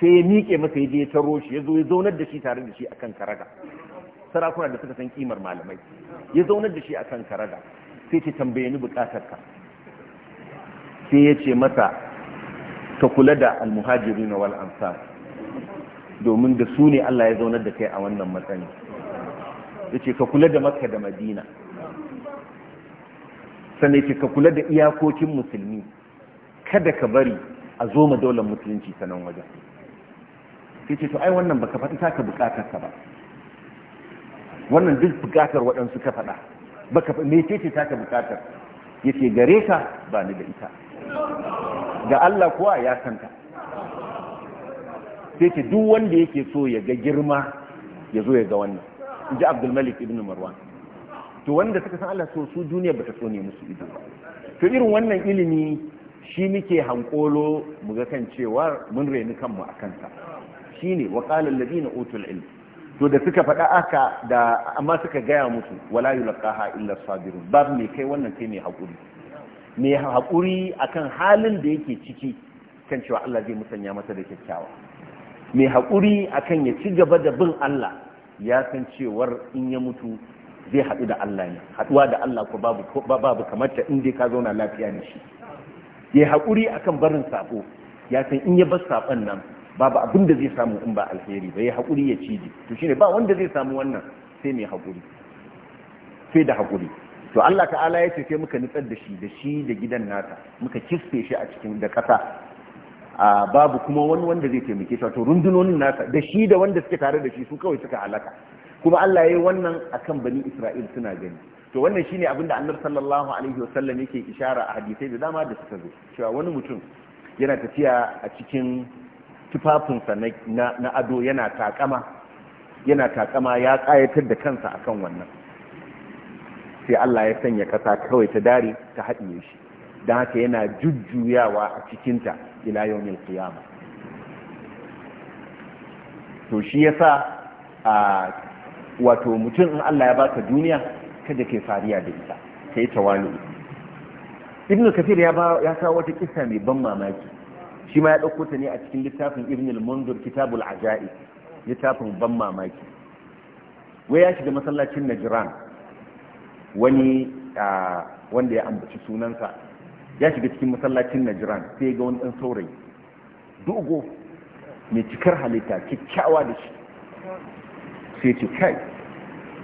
sai ya miƙe masa ya je ya taro shi ya zo ya zaunar da shi tare da shi a akan karaga sarakuna da suka san kimar malamai ya zaunar da shi a akan karaga sai ce tambaye ni ka sai ya ce masa ka kula da almuhajirin wal ansar domin da su ne Allah ya zaunar da kai a wannan matsayi yace ka kula da Makka da Madina sannan ce ka kula da iyakokin musulmi kada ka bari a zo ma daular musulunci sanan wajen sai ce to ai wannan baka ta taka bukatar ka ba wannan duk bukatar waɗansu ka faɗa baka me ce ce ka bukatar yace gare ka ba ni da ita ga Allah kuwa ya santa sai ce duk wanda yake so ya ga girma ya zo ya ga wannan in ji abdulmalik ibn marwan to wanda suka san Allah to su duniya bata so ne musu ido to irin wannan ilimi shi muke hankolo mu ga kan cewa mun reni kanmu a kansa shine wa qala alladhina utul ilm to da suka faɗa aka da amma suka gaya musu wala yulqaha illa sabirun bab me kai wannan kai ne hakuri me hakuri akan halin da yake ciki kan cewa Allah zai musanya masa da kyakkyawa me hakuri akan ya ci gaba da bin Allah ya san cewar in ya mutu zai haɗu da Allah ne haɗuwa da Allah ko babu babu kamar ta inda ka zauna lafiya ne shi ya haƙuri akan barin sabo ya san in ya bar sabon nan babu abin da zai samu in ba alheri ba ya haƙuri ya ciji to shine ba wanda zai samu wannan sai mai haƙuri sai da haƙuri to Allah ta'ala ya ce sai muka nutsar da shi da shi da gidan nata muka kisse shi a cikin da ƙasa a babu kuma wani wanda zai taimake shi wato rundunonin nasa da shi da wanda suke tare da shi su kawai suka halaka kuma Allah ya yi wannan akan bani Isra'il suna gani to wannan shine abin da annar sallallahu alaihi wasallam yake ishara a hadisai da dama da suka zo cewa wani mutum yana tafiya a cikin tufafinsa na ado yana takama yana takama ya ƙayatar da kansa akan wannan sai Allah ya sanya ƙasa kawai ta dare ta haɗiye shi don haka yana jujjuyawa a cikinta ila yawmin kiyama to shi yasa a wato mutum in Allah ya baka duniya kada ke fariya da ita yi tawali ibn kafir ya ba ya sa wata kissa mai ban mamaki shi ma ya dauko ta ne a cikin littafin ibn al-mundur kitabul ajai littafin ban mamaki wai ya shiga masallacin najran wani wanda ya ambaci sunansa ya shiga cikin masallacin najran sai ga wani dan saurayi dogo mai cikar halitta kyakkyawa da shi sai ce kai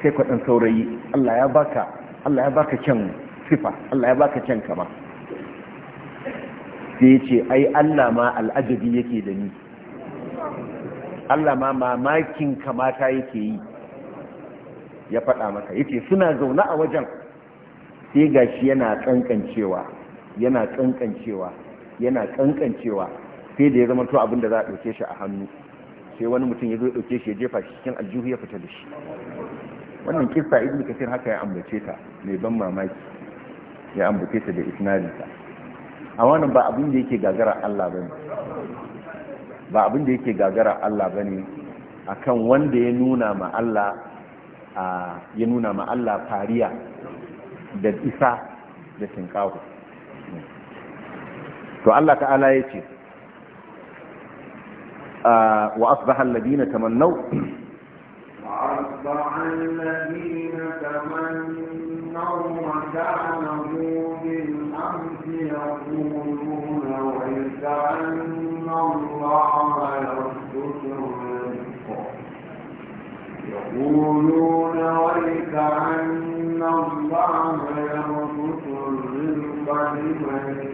kai saurayi Allah ya baka Allah ya baka kyan sifa Allah ya baka kyan kama sai ce ai Allah ma al'ajabi yake da ni Allah ma mamakin kamata yake yi ya faɗa maka yace suna zaune a wajen sai gashi yana tsankancewa yana tsankancewa yana tsankancewa sai da ya zama to abin za a ɗauke shi a hannu sai wani mutum ya zo ya dauke shi ya jefa shi cikin aljihu ya fita da shi wannan kissa ibnu kasir haka ya ambace ta mai ban mamaki ya ambace ta da isnadinta a wannan ba abin da yake gagara Allah bane ba abin da yake gagara Allah bane akan wanda ya nuna ma Allah a ya nuna ma Allah fariya da isa da tinkawo to Allah ta'ala yace آه وأصبح الذين تمنوا وأصبح الذين تمنوا مكانه بالأمس يقولون أن الله يرزق الرزق يقولون أن الله يرزق الرزق لمن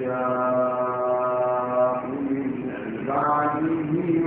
يشاء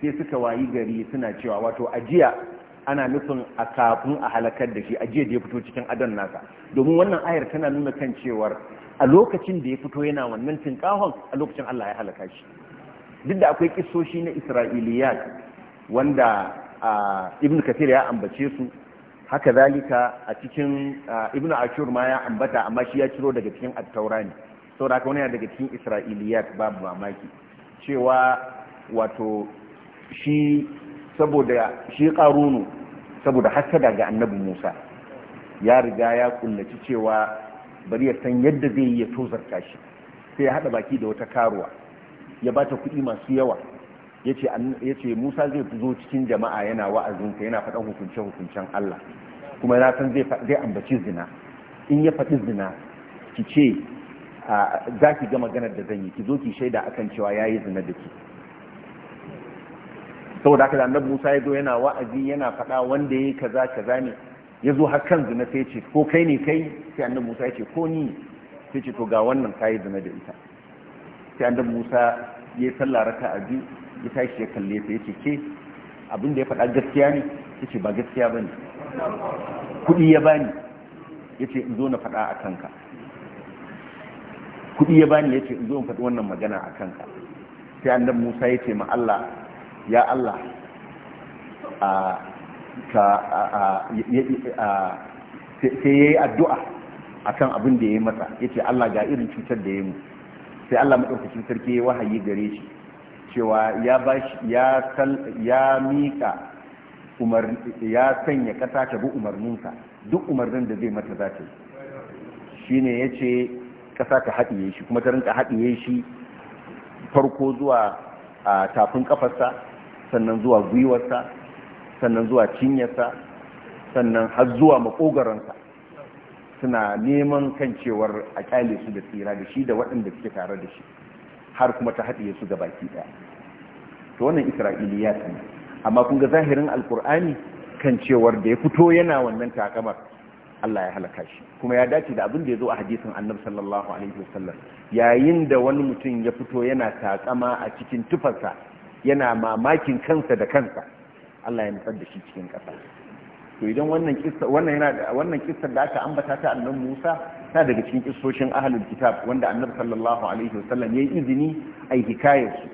sai suka wayi gari suna cewa wato ajiya ana nufin a kafin a halakar da shi ajiya da ya fito cikin adon nasa domin wannan ayar tana nuna kan cewar a lokacin da ya fito yana wannan tinkahon a lokacin Allah ya halaka shi duk da akwai kisoshi na isra'iliyat wanda ibn kathir ya ambace su haka zalika a cikin ibn ashur ma ya ambata amma shi ya ciro daga cikin at sau da saboda haka wani daga cikin isra'iliyat babu mamaki cewa wato shi saboda shi karunu saboda hasada ga annabi musa ya riga ya kullaci cewa bari ya san yadda zai yi ya tozarta shi sai ya haɗa baki da wata karuwa ya bata kuɗi masu yawa ya ce musa zai zo cikin jama'a yana wa'azinka yana faɗan hukunce-hukuncen allah kuma na san zai ambaci zina in ya faɗi zina ki ce za ki ga maganar da zan yi ki zo ki shaida akan cewa ya yi zina da ki saboda haka da Musa ya zo yana wa'azi yana faɗa wanda yayi kaza kaza ne ya zo har kan zina sai ce ko kai ne kai sai annabi Musa ya ce ko ni sai ce to ga wannan kai zina da ita sai annabi Musa ya sallah a biyu ya tashi ya kalle ta yace ke abin da ya faɗa gaskiya ne yace ba gaskiya bane kuɗi ya bani yace in zo na faɗa a kanka kuɗi ya bani yace in zo in faɗi wannan magana a kanka sai annabi Musa yace ma Allah ya Allah sai ya yi addu'a a kan abin da ya yi mata ya ce Allah ga irin cutar da ya mu sai Allah maɗaukacin sarki ya wahayi gare shi cewa ya miƙa ya sanya ƙasa ta bi umarninsa duk umarnin da zai mata za ta yi shi ne ya ce ƙasa ta haɗiye shi kuma ta rinka haɗiye shi farko zuwa tafin ƙafarsa sannan zuwa gwiwarsa sannan zuwa cinyarsa sannan har zuwa makogaransa suna neman kan cewar a kyale su da tsira da shi da waɗanda suke tare da shi har kuma ta haɗiye su baki ɗaya to wannan Isra'ili ya ne amma kun ga zahirin alkur'ani kan cewar da ya fito yana wannan takamar Allah ya halaka shi kuma ya dace da abin da ya zo a hadisin annabi sallallahu alaihi wasallam yayin da wani mutum ya fito yana takama a cikin tufarsa yana mamakin kansa da kansa Allah ya nutsar da shi cikin ƙasa to idan wannan kissa da aka ambata ta annan Musa ta daga cikin kissoshin ahlul kitab wanda annabi sallallahu alaihi wasallam yayi izini ai hikayar su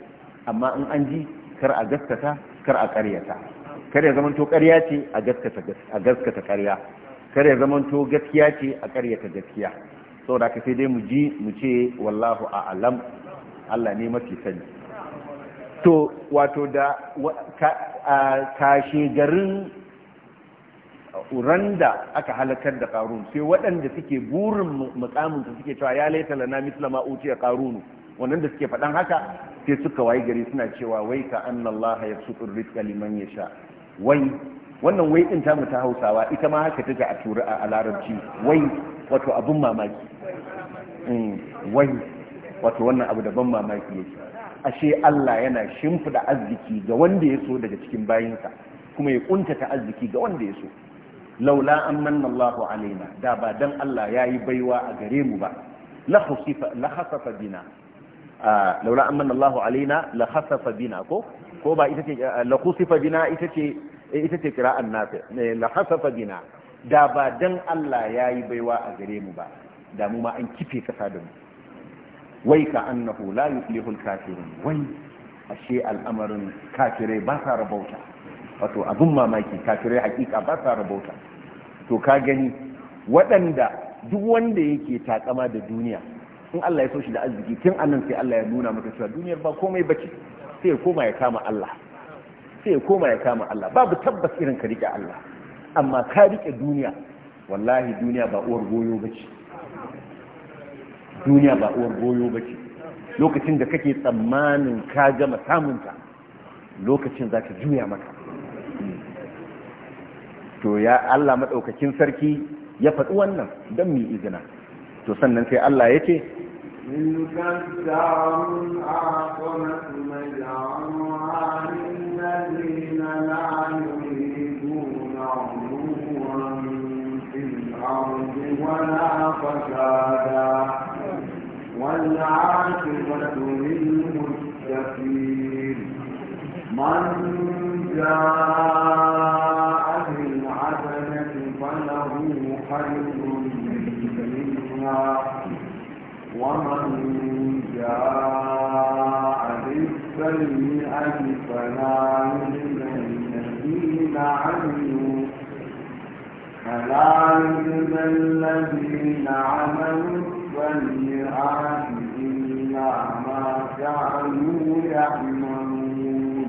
amma in an ji kar a gaskata kar a ƙaryata kar ya zamanto ƙarya ce a gaskata ƙarya kar ya zamanto gaskiya ce a ƙaryata gaskiya saboda ka sai dai mu ji mu ce wallahu a'lam Allah ne mafi sani to wato da kashe garin randa aka halakar da karun sai waɗanda suke burin mukaminsu suke cewa ya laita lana misla ma utiya karunu wannan da suke faɗan haka sai suka wayi gari suna cewa wai ka ya sukur rizqa liman yasha wai wannan wai din tamu ta Hausawa ita ma haka take a tura a larabci wai wato abun mamaki mm, wai wato wannan abu da ban mamaki yake ashe Allah yana shimfida arziki ga wanda ya so daga cikin bayinsa kuma ya kuntata arziki ga wanda ya so laula an manna Allahu alaina da ba dan Allah ya yi baiwa a gare mu ba la khusifa khasafa bina laula an manna Allahu alaina la khasafa bina ko ko ba ita ce la khusifa bina ita ce ita ce qira'an nafi eh, la khasafa bina da ba dan Allah ya yi baiwa a gare mu ba da mu ma an kife kasa da mu wai ka annahu la yuflihul kafirun wai ashe al'amarin kafirai ba sa rabauta wato abin mamaki kafirai hakika ba sa rabauta to ka gani waɗanda duk wanda yake takama da duniya in Allah ya so shi da arziki tun anan sai Allah ya nuna maka cewa duniyar ba komai bace sai ya koma ya kama Allah sai ya koma ya kama Allah babu tabbas irin ka rike Allah amma ka rike duniya wallahi duniya ba uwar goyo bace duniya ba uwar goyo ba ce lokacin da kake tsammanin ka gama samunta lokacin za ka juya maka to ya Allah maɗaukakin sarki ya faɗi wannan don mu izina to sannan sai Allah ya ce ولا فسادا والعاقبة للمتقين من جاء بالحسنة فله خير منها ومن جاء بالسيئة فلا يجزى الذين عملوا فلا يجزى الذين عملوا السيئات إلا ما كانوا يعملون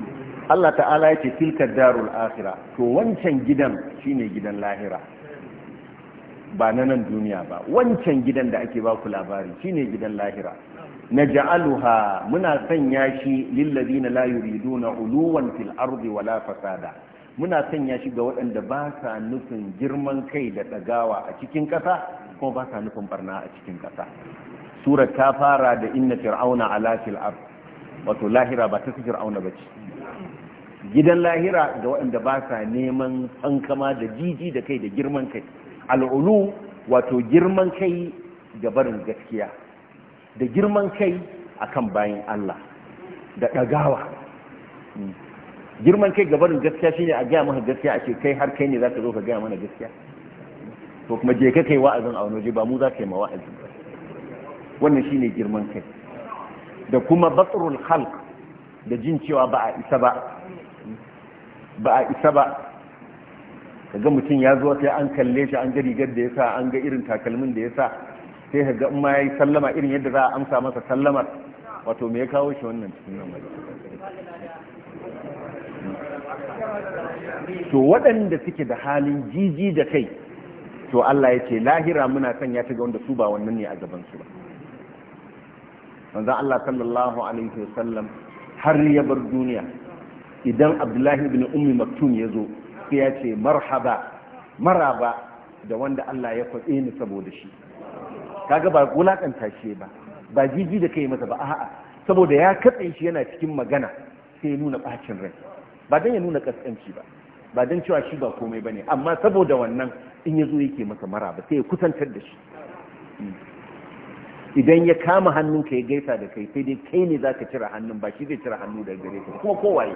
الله تعالى يتي تلك الدار الآخرة تو وانشان جدا شيني جدا لاهرة ba na nan duniya ba wancan gidan da ake baku labari shine gidan lahira na ja'aluha muna sanya shi lillazina la yuriduna uluwan fil ardi wala fasada muna sanya shi ga waɗanda ba sa nufin girman kai da ɗagawa a cikin ƙasa kuma ba sa nufin barna a cikin ƙasa sura ta fara da inna fir'auna a fil ard wato lahira ba ta fir'auna bace gidan lahira ga waɗanda ba sa neman tsankama da jiji da kai da girman kai al'ulu wato girman kai da barin gaskiya da girman kai akan bayan Allah da ɗagawa hmm. girman kai gabanin gaskiya shine a gaya maka gaskiya a ce kai har kai ne za ka zo ka gaya mana gaskiya to kuma je ka kai wa'azin a wani waje ba mu za ka yi ma wa'azi wannan shine girman kai da kuma batrul khalq da jin cewa ba a isa ba ba a isa ba kaga mutum ya zo sai an kalle shi an ga rigar da ya sa an ga irin takalmin da ya sa sai ka ga in ma ya yi sallama irin yadda za a amsa masa sallamar wato me ya kawo shi wannan cikin nan to waɗanda suke da halin jiji da kai to Allah ya ce lahira muna sanya ta ga wanda su ba wannan ne a gabansu ba manzo Allah sallallahu alaihi wasallam har ya bar duniya idan Abdullahi bin Ummi Maktum ya zo sai ya ce marhaba maraba da wanda Allah ya faɗe ni saboda shi kaga ba wulakanta shi ba ba jiji da kai masa ba a'a saboda ya katse shi yana cikin magana sai nuna bacin rai ba don ya nuna kaskanci ba ba don cewa shi ba komai ba ne amma saboda wannan in ya zo yake masa mara ba sai ya kusantar da shi idan ya kama hannun ka ya gaisa da kai sai dai kai ne za ka cire hannun ba shi zai cire hannu da gare ka kuma kowaye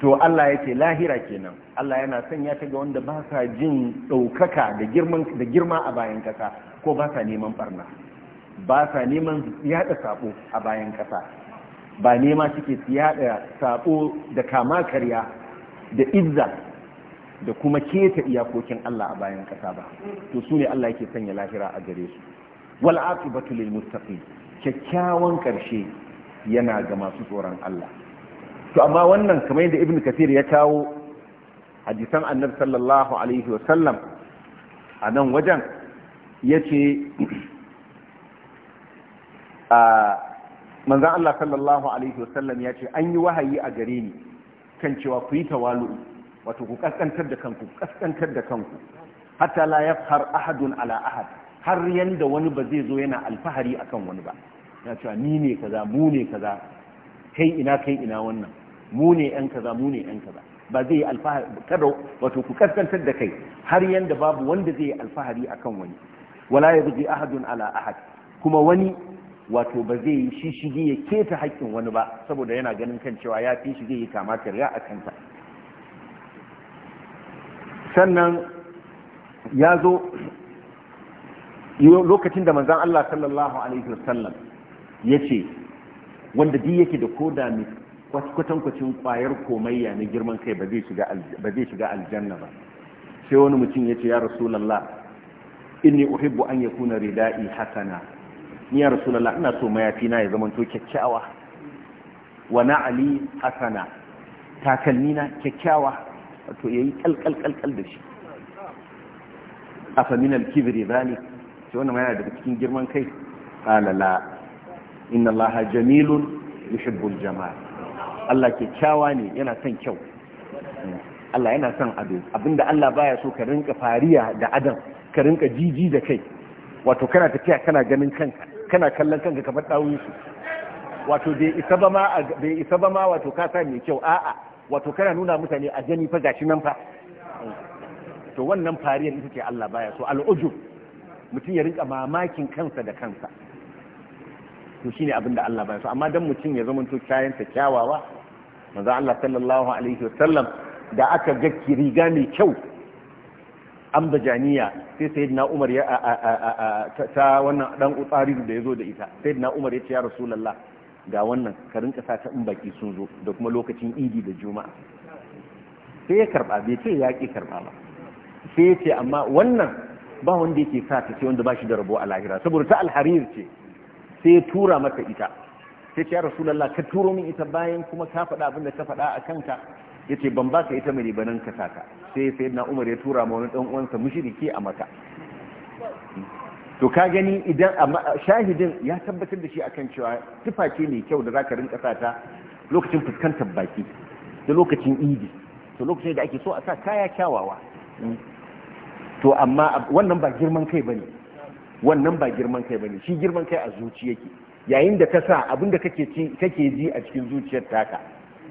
to Allah ya ce lahira kenan Allah yana sanya ta ga wanda ba sa jin ɗaukaka da girma a bayan kasa ko ba sa neman barna ba sa neman yaɗa sabo a bayan kasa ba nema suke su yada sabo da kama karya da izza da kuma keta iyakokin Allah a bayan ƙasa ba to su ne Allah yake sanya lahira a gare su wal aqibatu lil muttaqin kyakkyawan karshe yana ga masu tsoron Allah to amma wannan kamar yadda ibnu kathir ya kawo hadisan annabi sallallahu alaihi wa sallam a nan wajen yace a manzan Allah sallallahu alaihi wasallam ya ce an yi wahayi a gare ni kan cewa ku yi tawalu'u wato ku kaskantar da kanku kaskantar da kanku hatta la har ahadun ala ahad har yanda wani ba zai zo yana alfahari akan wani ba ya cewa ni ne kaza mu ne kaza kai ina kai ina wannan mu ne yan kaza mu ne yan kaza ba zai yi alfahari kada wato ku kaskantar da kai har yanda babu wanda zai yi alfahari akan wani wala yabghi ahadun ala ahad kuma wani wato ba zai yi shishigi ya keta haƙƙin wani ba saboda yana ganin kan cewa ya fi shige zai yi kama karya a kanta sannan ya zo lokacin da manzan Allah sallallahu alaihi wasallam ya ce wanda di yake da koda mai kwatankwacin kwayar komayya na girman kai ba zai shiga aljanna ba sai wani mutum ya ce ya rasulallah inni uhibbu an kuna rida'i hasana ni ya rasulullah ina so mayafi na ya zama to kyakkyawa wa na'ali hasana takalmi na kyakkyawa to yayi kalkal kalkal da shi afa min al-kibri zalik to wannan yana daga cikin girman kai qala la inna allaha jamilun yuhibbul jamal Allah kyakkyawa ne yana son kyau Allah yana son ado abinda Allah baya so ka rinka fariya da adam ka rinka jiji da kai wato kana tafiya kana ganin kanka kana kallon kanka kamar ɗawun su wato bai isa ba ma bai isa ba ma wato ka sa mai kyau a'a wato kana nuna mutane a gani fa gashi nan fa to wannan fariyar ita ce Allah baya so al'ujub mutum ya rinka mamakin kansa da kansa to shine abin da Allah baya so amma dan mutum ya zama to kayansa kyawawa manzo Allah sallallahu alaihi wasallam da aka ga riga mai kyau ambajaniya sai na Umar ya ta wannan dan utsaridu da yazo da ita na Umar ya ce ya rasulullah ga wannan ka rinka sa ta in baki sun zo da kuma lokacin idi da juma'a sai ya karba bai ce ya ki karba ba sai ya ce amma wannan ba wanda yake sa ta ce wanda ba shi da rabo a lahira saboda ta alharir ce sai ya tura mata ita sai ce ya rasulullah ka turo min ita bayan kuma ka faɗa abin da ka faɗa a kanka yace ban ba ka ita mai banan ka saka sai na Umar ya tura ma wani dan uwansa mushriki a maka to ka gani idan shahidin ya tabbatar da shi akan cewa tuface mai kyau da za ka rinka sata lokacin fuskantar baki da lokacin idi to lokacin da ake so a sa kaya kyawawa to amma wannan ba girman kai bane wannan ba girman kai bane shi girman kai a zuci yake yayin da ka sa abin da kake ji a cikin zuciyar taka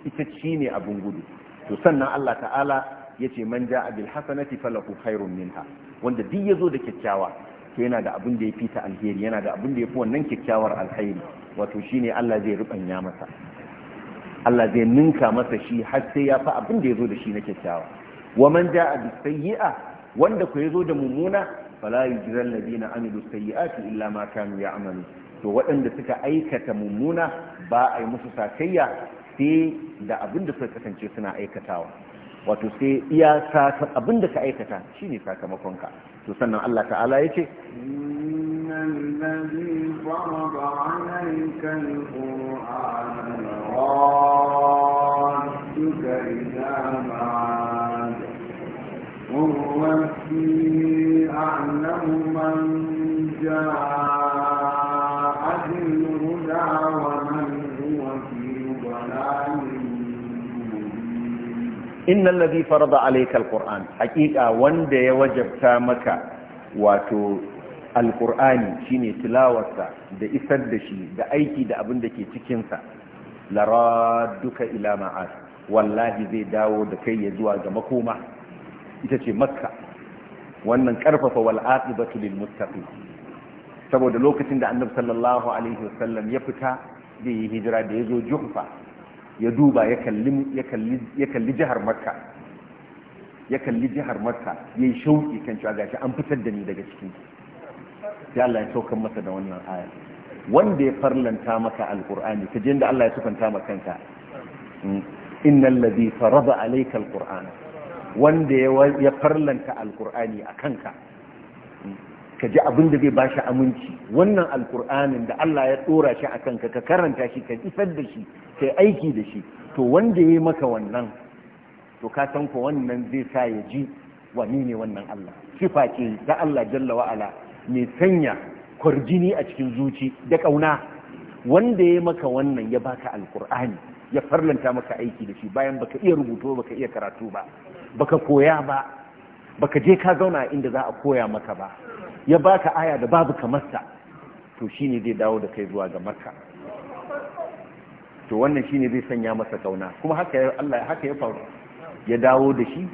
ita shi ne abin gudu to sannan Allah ta'ala ya ce man ja'a bil hasanati falahu khairun minha wanda duk yazo da kyakkyawa to yana da abin da ya fita alheri yana da abin da ya fi wannan kyakkyawar alheri wato shine Allah zai rubanya masa Allah zai ninka masa shi har sai ya fi abin da ya zo da shi na kyakkyawa wa man ja'a bis sayyi'a wanda ku yazo da mummuna fala yujzal ladina amilu sayyi'ati illa ma kanu ya'malu to waɗanda suka aikata mummuna ba a yi musu sakayya sai da abin da suka kasance suna aikatawa wato sai iya abin da ka aikata shi sakamakon sakamakonka to sannan Allah ta'ala ya ce وهو في أعلم من Innan ladhi farada alaikal alquran haƙiƙa wanda ya wajabta maka wato shi shine tilawarsa da isar da shi da aiki da abin da ke cikinsa, sa duka ila ma'as wallahi zai dawo da kai ya zuwa ga makoma ita ce makka wannan karfafa wal ba lil muttaqin saboda lokacin da annabi sallallahu alaihi wasallam ya fita zai yi hijira da ya zo jufa ya duba ya kalli jihar makka ya kalli jihar makka ya yi shauƙi kan cewa gashi an fitar da ni daga cikin ya Allah ya saukan masa da wannan aya wanda ya farlanta maka alqur'ani ka da Allah ya sufanta maka kanka mm. innal ladhi farada alayka alqur'ana wanda ya farlanta alqur'ani a kanka ka ji abin da zai ba shi aminci wannan alkur'anin da Allah ya tsora shi a kanka ka karanta shi ka isar da shi ka aiki da shi to wanda ya maka wannan to ka san ko wannan zai sa ya ji ni ne wannan Allah sifa ce ta Allah jalla wa'ala mai sanya kwarjini a cikin zuci da ƙauna wanda ya maka wannan ya baka alkur'ani ya farlanta maka aiki da shi bayan baka iya rubutu baka iya karatu ba baka koya ba baka je ka zauna inda za a koya maka ba ya baka aya da babu kamarsa to shine zai dawo da kai zuwa ga makka to wannan shine zai sanya masa kauna kuma haka ya Allah haka ya faru ya dawo da shi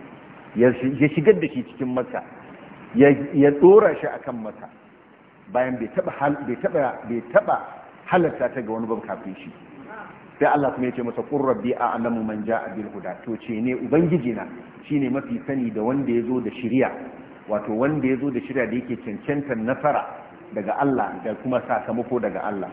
ya shigar da shi cikin makka ya dora shi akan makka bayan bai taba bai taba bai taba halarta ta ga wani babu kafin shi sai Allah kuma ya ce masa qur rabbi annamu man ja'a bil huda to ce ne ubangiji na shine mafi sani da wanda ya zo da shari'a wato wanda ya zo da shirya da yake cancantar nasara daga Allah da kuma sakamako daga Allah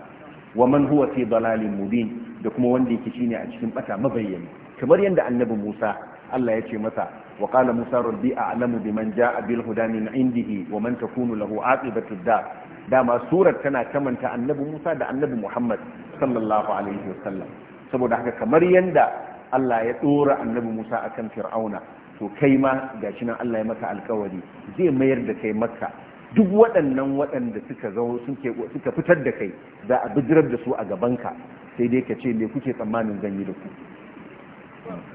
wa man huwa fi dalalin mubin da kuma wanda yake shine a cikin bata mabayyani kamar yadda annabi Musa Allah ya ce masa wa qala Musa rabbi a'lamu biman ja'a bil huda min indihi wa man takunu lahu aqibatu dar dama surar tana kamanta annabi Musa da annabi Muhammad sallallahu alaihi wasallam saboda haka kamar yadda Allah ya dora annabi Musa akan Fir'auna to kai ma ga shi nan Allah ya maka alkawari zai mayar da kai makka duk waɗannan waɗanda suka zo suka fitar da kai za a bijirar da su a gabanka sai dai ka ce me kuke tsammanin zan yi da ku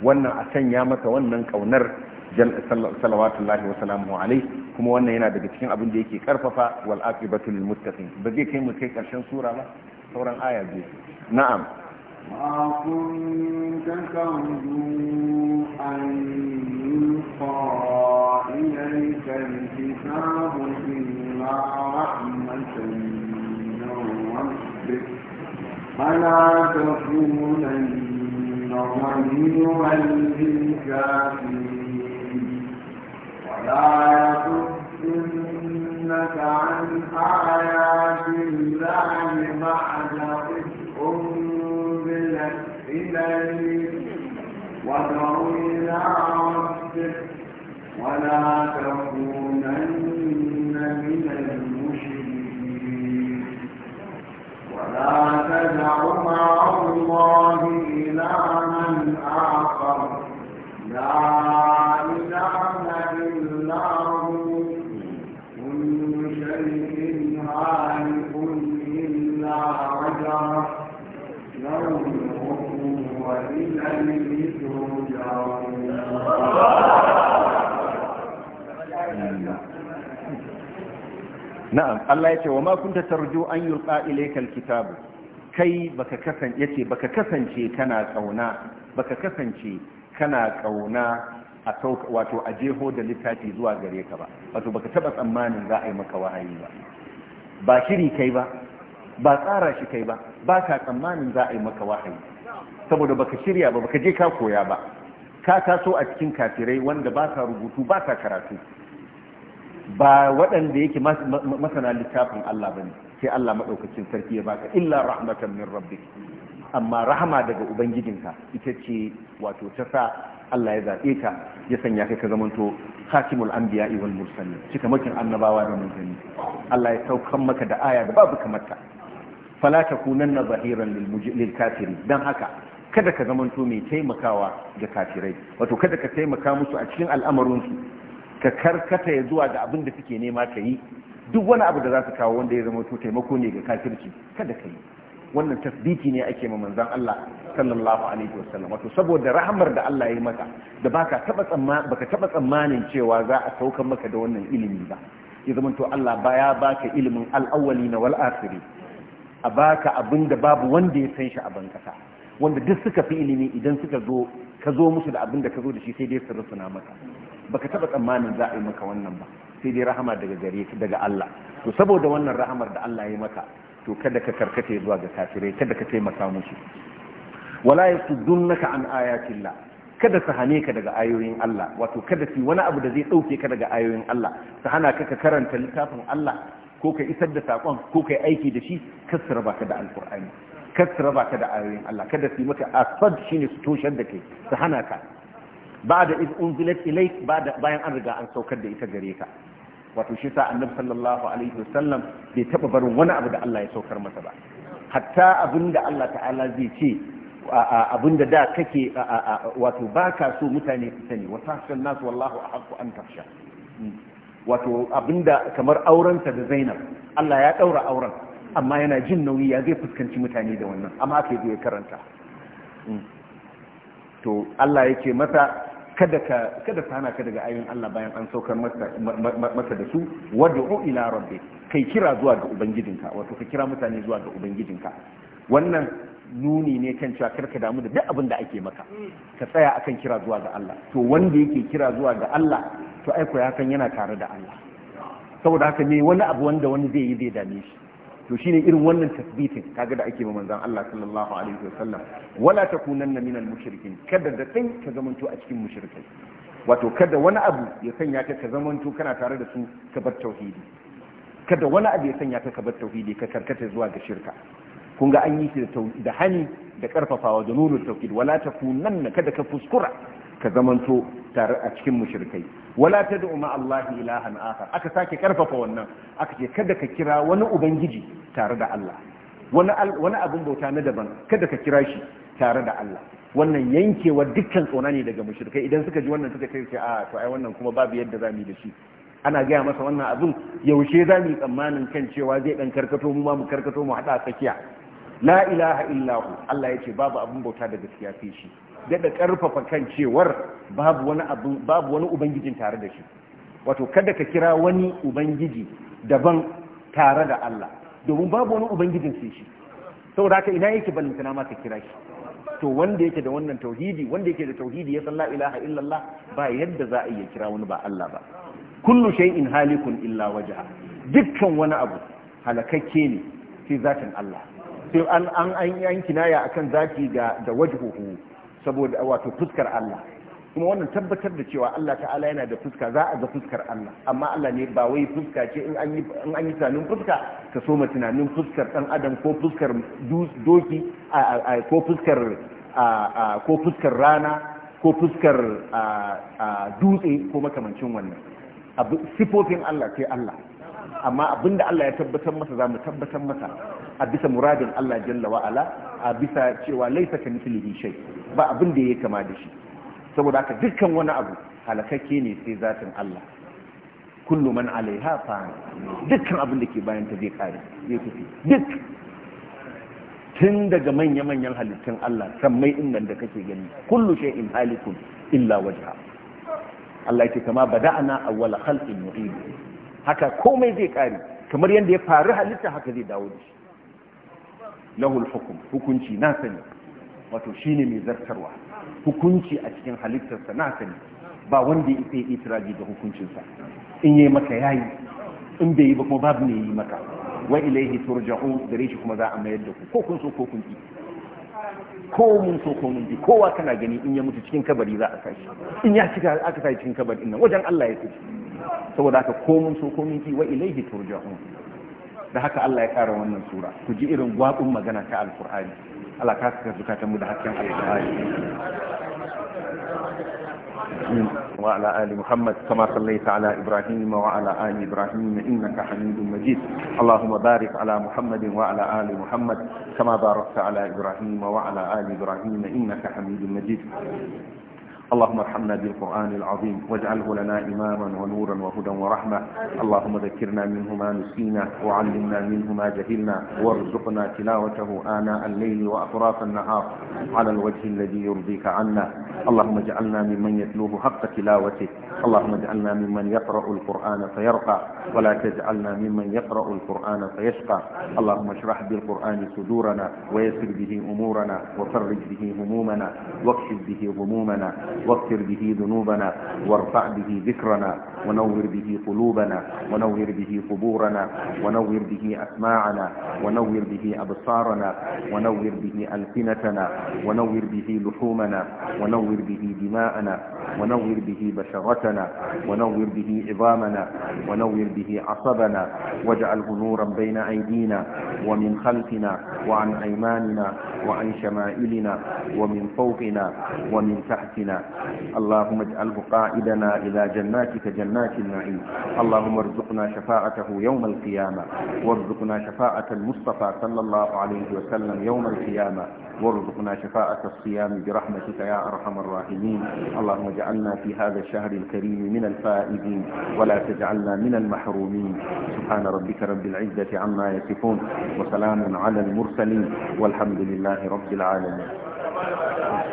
wannan a sanya maka wannan kaunar alaihi wa alai kuma wannan yana daga cikin abin da yake karfafa wal aqibatu lil muttaqin ba zai kai mu kai karshen sura ba sauran aya biyu na'am ما كنت ترجو أن الكتاب إلا رحمة من فلا تكونن ظهيرا للكافرين ولا يصدنك عن آيات الله بعد إذ إليك ودعو إلى ربك ولا تكونن Allah ya ce wa ma kunta tarju an yulqa ilayka alkitab kai baka kasance yace baka kasance kana kauna baka kasance kana kauna a sauka wato a jeho da littafi zuwa gare ka ba wato baka taba tsammanin za a yi maka wahayi ba ba shiri kai ba ba tsara shi kai ba ba ka tsammanin za a yi maka wahayi saboda baka shirya ba baka je ka koya ba ka taso a cikin kafirai wanda ba ka rubutu ba ka karatu ba waɗanda yake masana littafin Allah ba ne sai Allah maɗaukacin sarki ya baka illa rahmatan min rabbi amma rahama daga ubangijinka ita ce wato ta sa Allah ya zaɓe ka ya sanya kai ka zamanto hakimul anbiya wal mursalin cika makin annabawa da mutane Allah ya saukan maka da aya da babu kamar ta fala takunanna zahiran lil kafirin dan haka kada ka zamanto mai taimakawa ga kafirai wato kada ka taimaka musu a cikin al'amarin su ka karkata ya zuwa ga abin da suke nema ka yi duk wani abu da za su kawo wanda ya zama to taimako ne ga kafirci kada ka yi wannan tasbiki ne ake ma manzon Allah sallallahu alaihi wa sallam wato saboda rahamar da Allah ya yi maka da baka taba tsamma baka taba tsammanin cewa za a saukar maka da wannan ilimi ba ya zama to Allah ya baka ilimin al na wal akhiri a baka abin da babu wanda ya san shi a bankasa wanda duk suka fi ilimi idan suka zo ka zo musu da abin ka zo da shi sai dai su rusuna maka baka taba tsammanin za a yi maka wannan ba sai dai rahama daga gare daga Allah to saboda wannan rahamar da Allah ya maka to kada ka karkata zuwa ga kafire, kada ka taimaka musu wala yasuddunka an ayatillah kada su hane ka daga ayoyin Allah wato kada su wani abu da zai dauke ka daga ayoyin Allah su hana ka ka karanta littafin Allah ko ka isar da sakon ko ka aiki da shi kasra baka raba da alqur'ani kasra baka da ayoyin Allah kada su maka asad shine su toshar da kai su hana ka ba'da iz unzilat ilayk ba'da bayan an riga an saukar da ita gare ka wato shi sa annabi sallallahu alaihi wasallam bai taba barin wani abu da Allah ya saukar masa ba hatta abinda Allah ta'ala zai ce abinda da kake wato baka so mutane su sani wa tashan nas wallahu ahqqu an tafsha wato abinda kamar ta da Zainab Allah ya daura auren amma yana jin nauyi ya zai fuskanci mutane da wannan amma kai zai karanta to Allah yake masa kada ka kada ka hana ka daga ayoyin Allah bayan an saukar masa da su o ila rabbi kai kira zuwa ga ubangijinka wato ka kira mutane zuwa ga ubangijinka wannan nuni ne kan cewa karka damu da duk abin da ake maka ka tsaya akan kira zuwa ga Allah to wanda yake kira zuwa ga Allah to aiko ya kan yana tare da Allah saboda haka ne wani abu wanda wani zai yi zai dame shi to shine irin wannan tasbitin kaga da ake ma manzon Allah sallallahu alaihi wasallam wala takunanna minal mushrikin kada da kai ka zamanto a cikin mushrikai wato kada wani abu ya sanya ka ka zamanto kana tare da su ka bar tauhidi kada wani abu ya sanya ka ka bar tauhidi ka karkata zuwa ga shirka kun ga an yi shi da hani da karfafawa da nurul tauhid wala takunanna kada ka fuskura ka zamanto tare a cikin mushrikai wala tad'u ma Allah ilahan akhar aka sake karfafa wannan aka ce kada ka kira wani ubangiji tare da Allah wani wani abin bauta na daban kada ka kira shi tare da Allah wannan yankewa dukkan tsona ne daga mushrikai idan suka ji wannan suka ce a ah, to ai wannan kuma babu yadda za mu yi da shi ana gaya masa wannan abin yaushe za mu yi tsammanin kan cewa zai dan karkato mu ma mu karkato mu hada tsakiya la ilaha illahu Allah ya ce babu abin bauta da gaskiya sai shi daɗa ƙarfafa kan cewar babu wani ubangijin tare da shi wato kada ka kira wani ubangiji daban tare da Allah domin babu wani ubangijin sai shi saboda haka ina yake balantana ma ka kira shi to wanda yake da wannan tauhidi wanda yake da tauhidi ya san la ilaha illallah ba yadda za a iya kira wani ba Allah ba kullu shay'in halikun illa wajha dukkan wani abu halakakke ne sai zatin Allah sai an an an kinaya akan zaki ga da wajhuhu saboda wato fuskar Allah kuma wannan tabbatar da cewa Allah ta'ala yana da fuska za a ga fuskar Allah amma Allah ne ba wai fuska ce in an yi tunanin fuska ka so soma tunanin fuskar dan adam ko fuskar doki ko fuskar ko fuskar rana ko fuskar dutse ko makamancin wannan sifofin Allah sai Allah amma abinda Allah ya tabbatar masa za mu tabbatar masa a bisa muradin Allah jalla wa'ala, a bisa cewa laisa ka mislihi shay ba abin da ya kama da shi saboda haka dukkan wani abu halakakke ne sai zatin Allah kullu man alaiha fan dukkan abin da ke bayan ta zai kare zai tafi duk tun daga manya-manyan halittun Allah sammai innan da kake gani kullu shay'in halikun illa wajha Allah yake kama bada'ana awwala khalqin nu'idu haka komai zai kare kamar yadda ya faru halitta haka zai dawo da shi lahul hukum hukunci na sani wato shine mai zartarwa hukunci a cikin halittarsa na sani ba wanda ya yi itiraji da hukuncinsa in yi maka yayi in bai yi ba kuma babu ne yi maka wa ilaihi turja'u gare shi kuma za a mayar da ku ko kun so ko kun ki ko mun so ko mun ji kowa kana gani in ya mutu cikin kabari za a sashi in ya cika aka sashi cikin kabari nan wajen Allah ya tafi saboda haka ko mun so ko mun ki wa ilaihi turja'u da haka Allah ya kara wannan sura ku ji irin gwabin magana ta alkur'ani Allah ka saka zukatan mu da hakkin alkur'ani وعلى آل محمد كما صليت على إبراهيم وعلى آل إبراهيم إنك حميد مجيد اللهم بارك على محمد وعلى آل محمد كما باركت على إبراهيم وعلى آل إبراهيم إنك حميد مجيد اللهم ارحمنا بالقرآن العظيم واجعله لنا إماما ونورا وهدى ورحمة اللهم ذكرنا منه ما نسينا وعلمنا منه ما جهلنا وارزقنا تلاوته آناء الليل وأطراف النهار على الوجه الذي يرضيك عنا اللهم اجعلنا ممن يتلوه حق تلاوته اللهم اجعلنا ممن يقرأ القرآن فيرقى ولا تجعلنا ممن يقرأ القرآن فيشقى اللهم اشرح بالقرآن صدورنا ويسر به أمورنا وفرج به همومنا واكشف به غمومنا واغفر به ذنوبنا وارفع به ذكرنا ونور به قلوبنا ونور به قبورنا ونور به أسماعنا ونور به أبصارنا ونور به ألسنتنا ونور به لحومنا ونور به دماءنا ونور به بشرتنا ونور به عظامنا ونور به عصبنا واجعله نورا بين أيدينا ومن خلفنا وعن أيماننا وعن شمائلنا ومن فوقنا ومن تحتنا اللهم اجعله قائدنا إلى جناتك جنات جنات النعيم اللهم ارزقنا شفاعته يوم القيامة وارزقنا شفاعة المصطفى صلى الله عليه وسلم يوم القيامة وارزقنا شفاعة الصيام برحمتك يا أرحم الراحمين اللهم اجعلنا في هذا الشهر الكريم من الفائزين ولا تجعلنا من المحرومين سبحان ربك رب العزة عما يصفون وسلام على المرسلين والحمد لله رب العالمين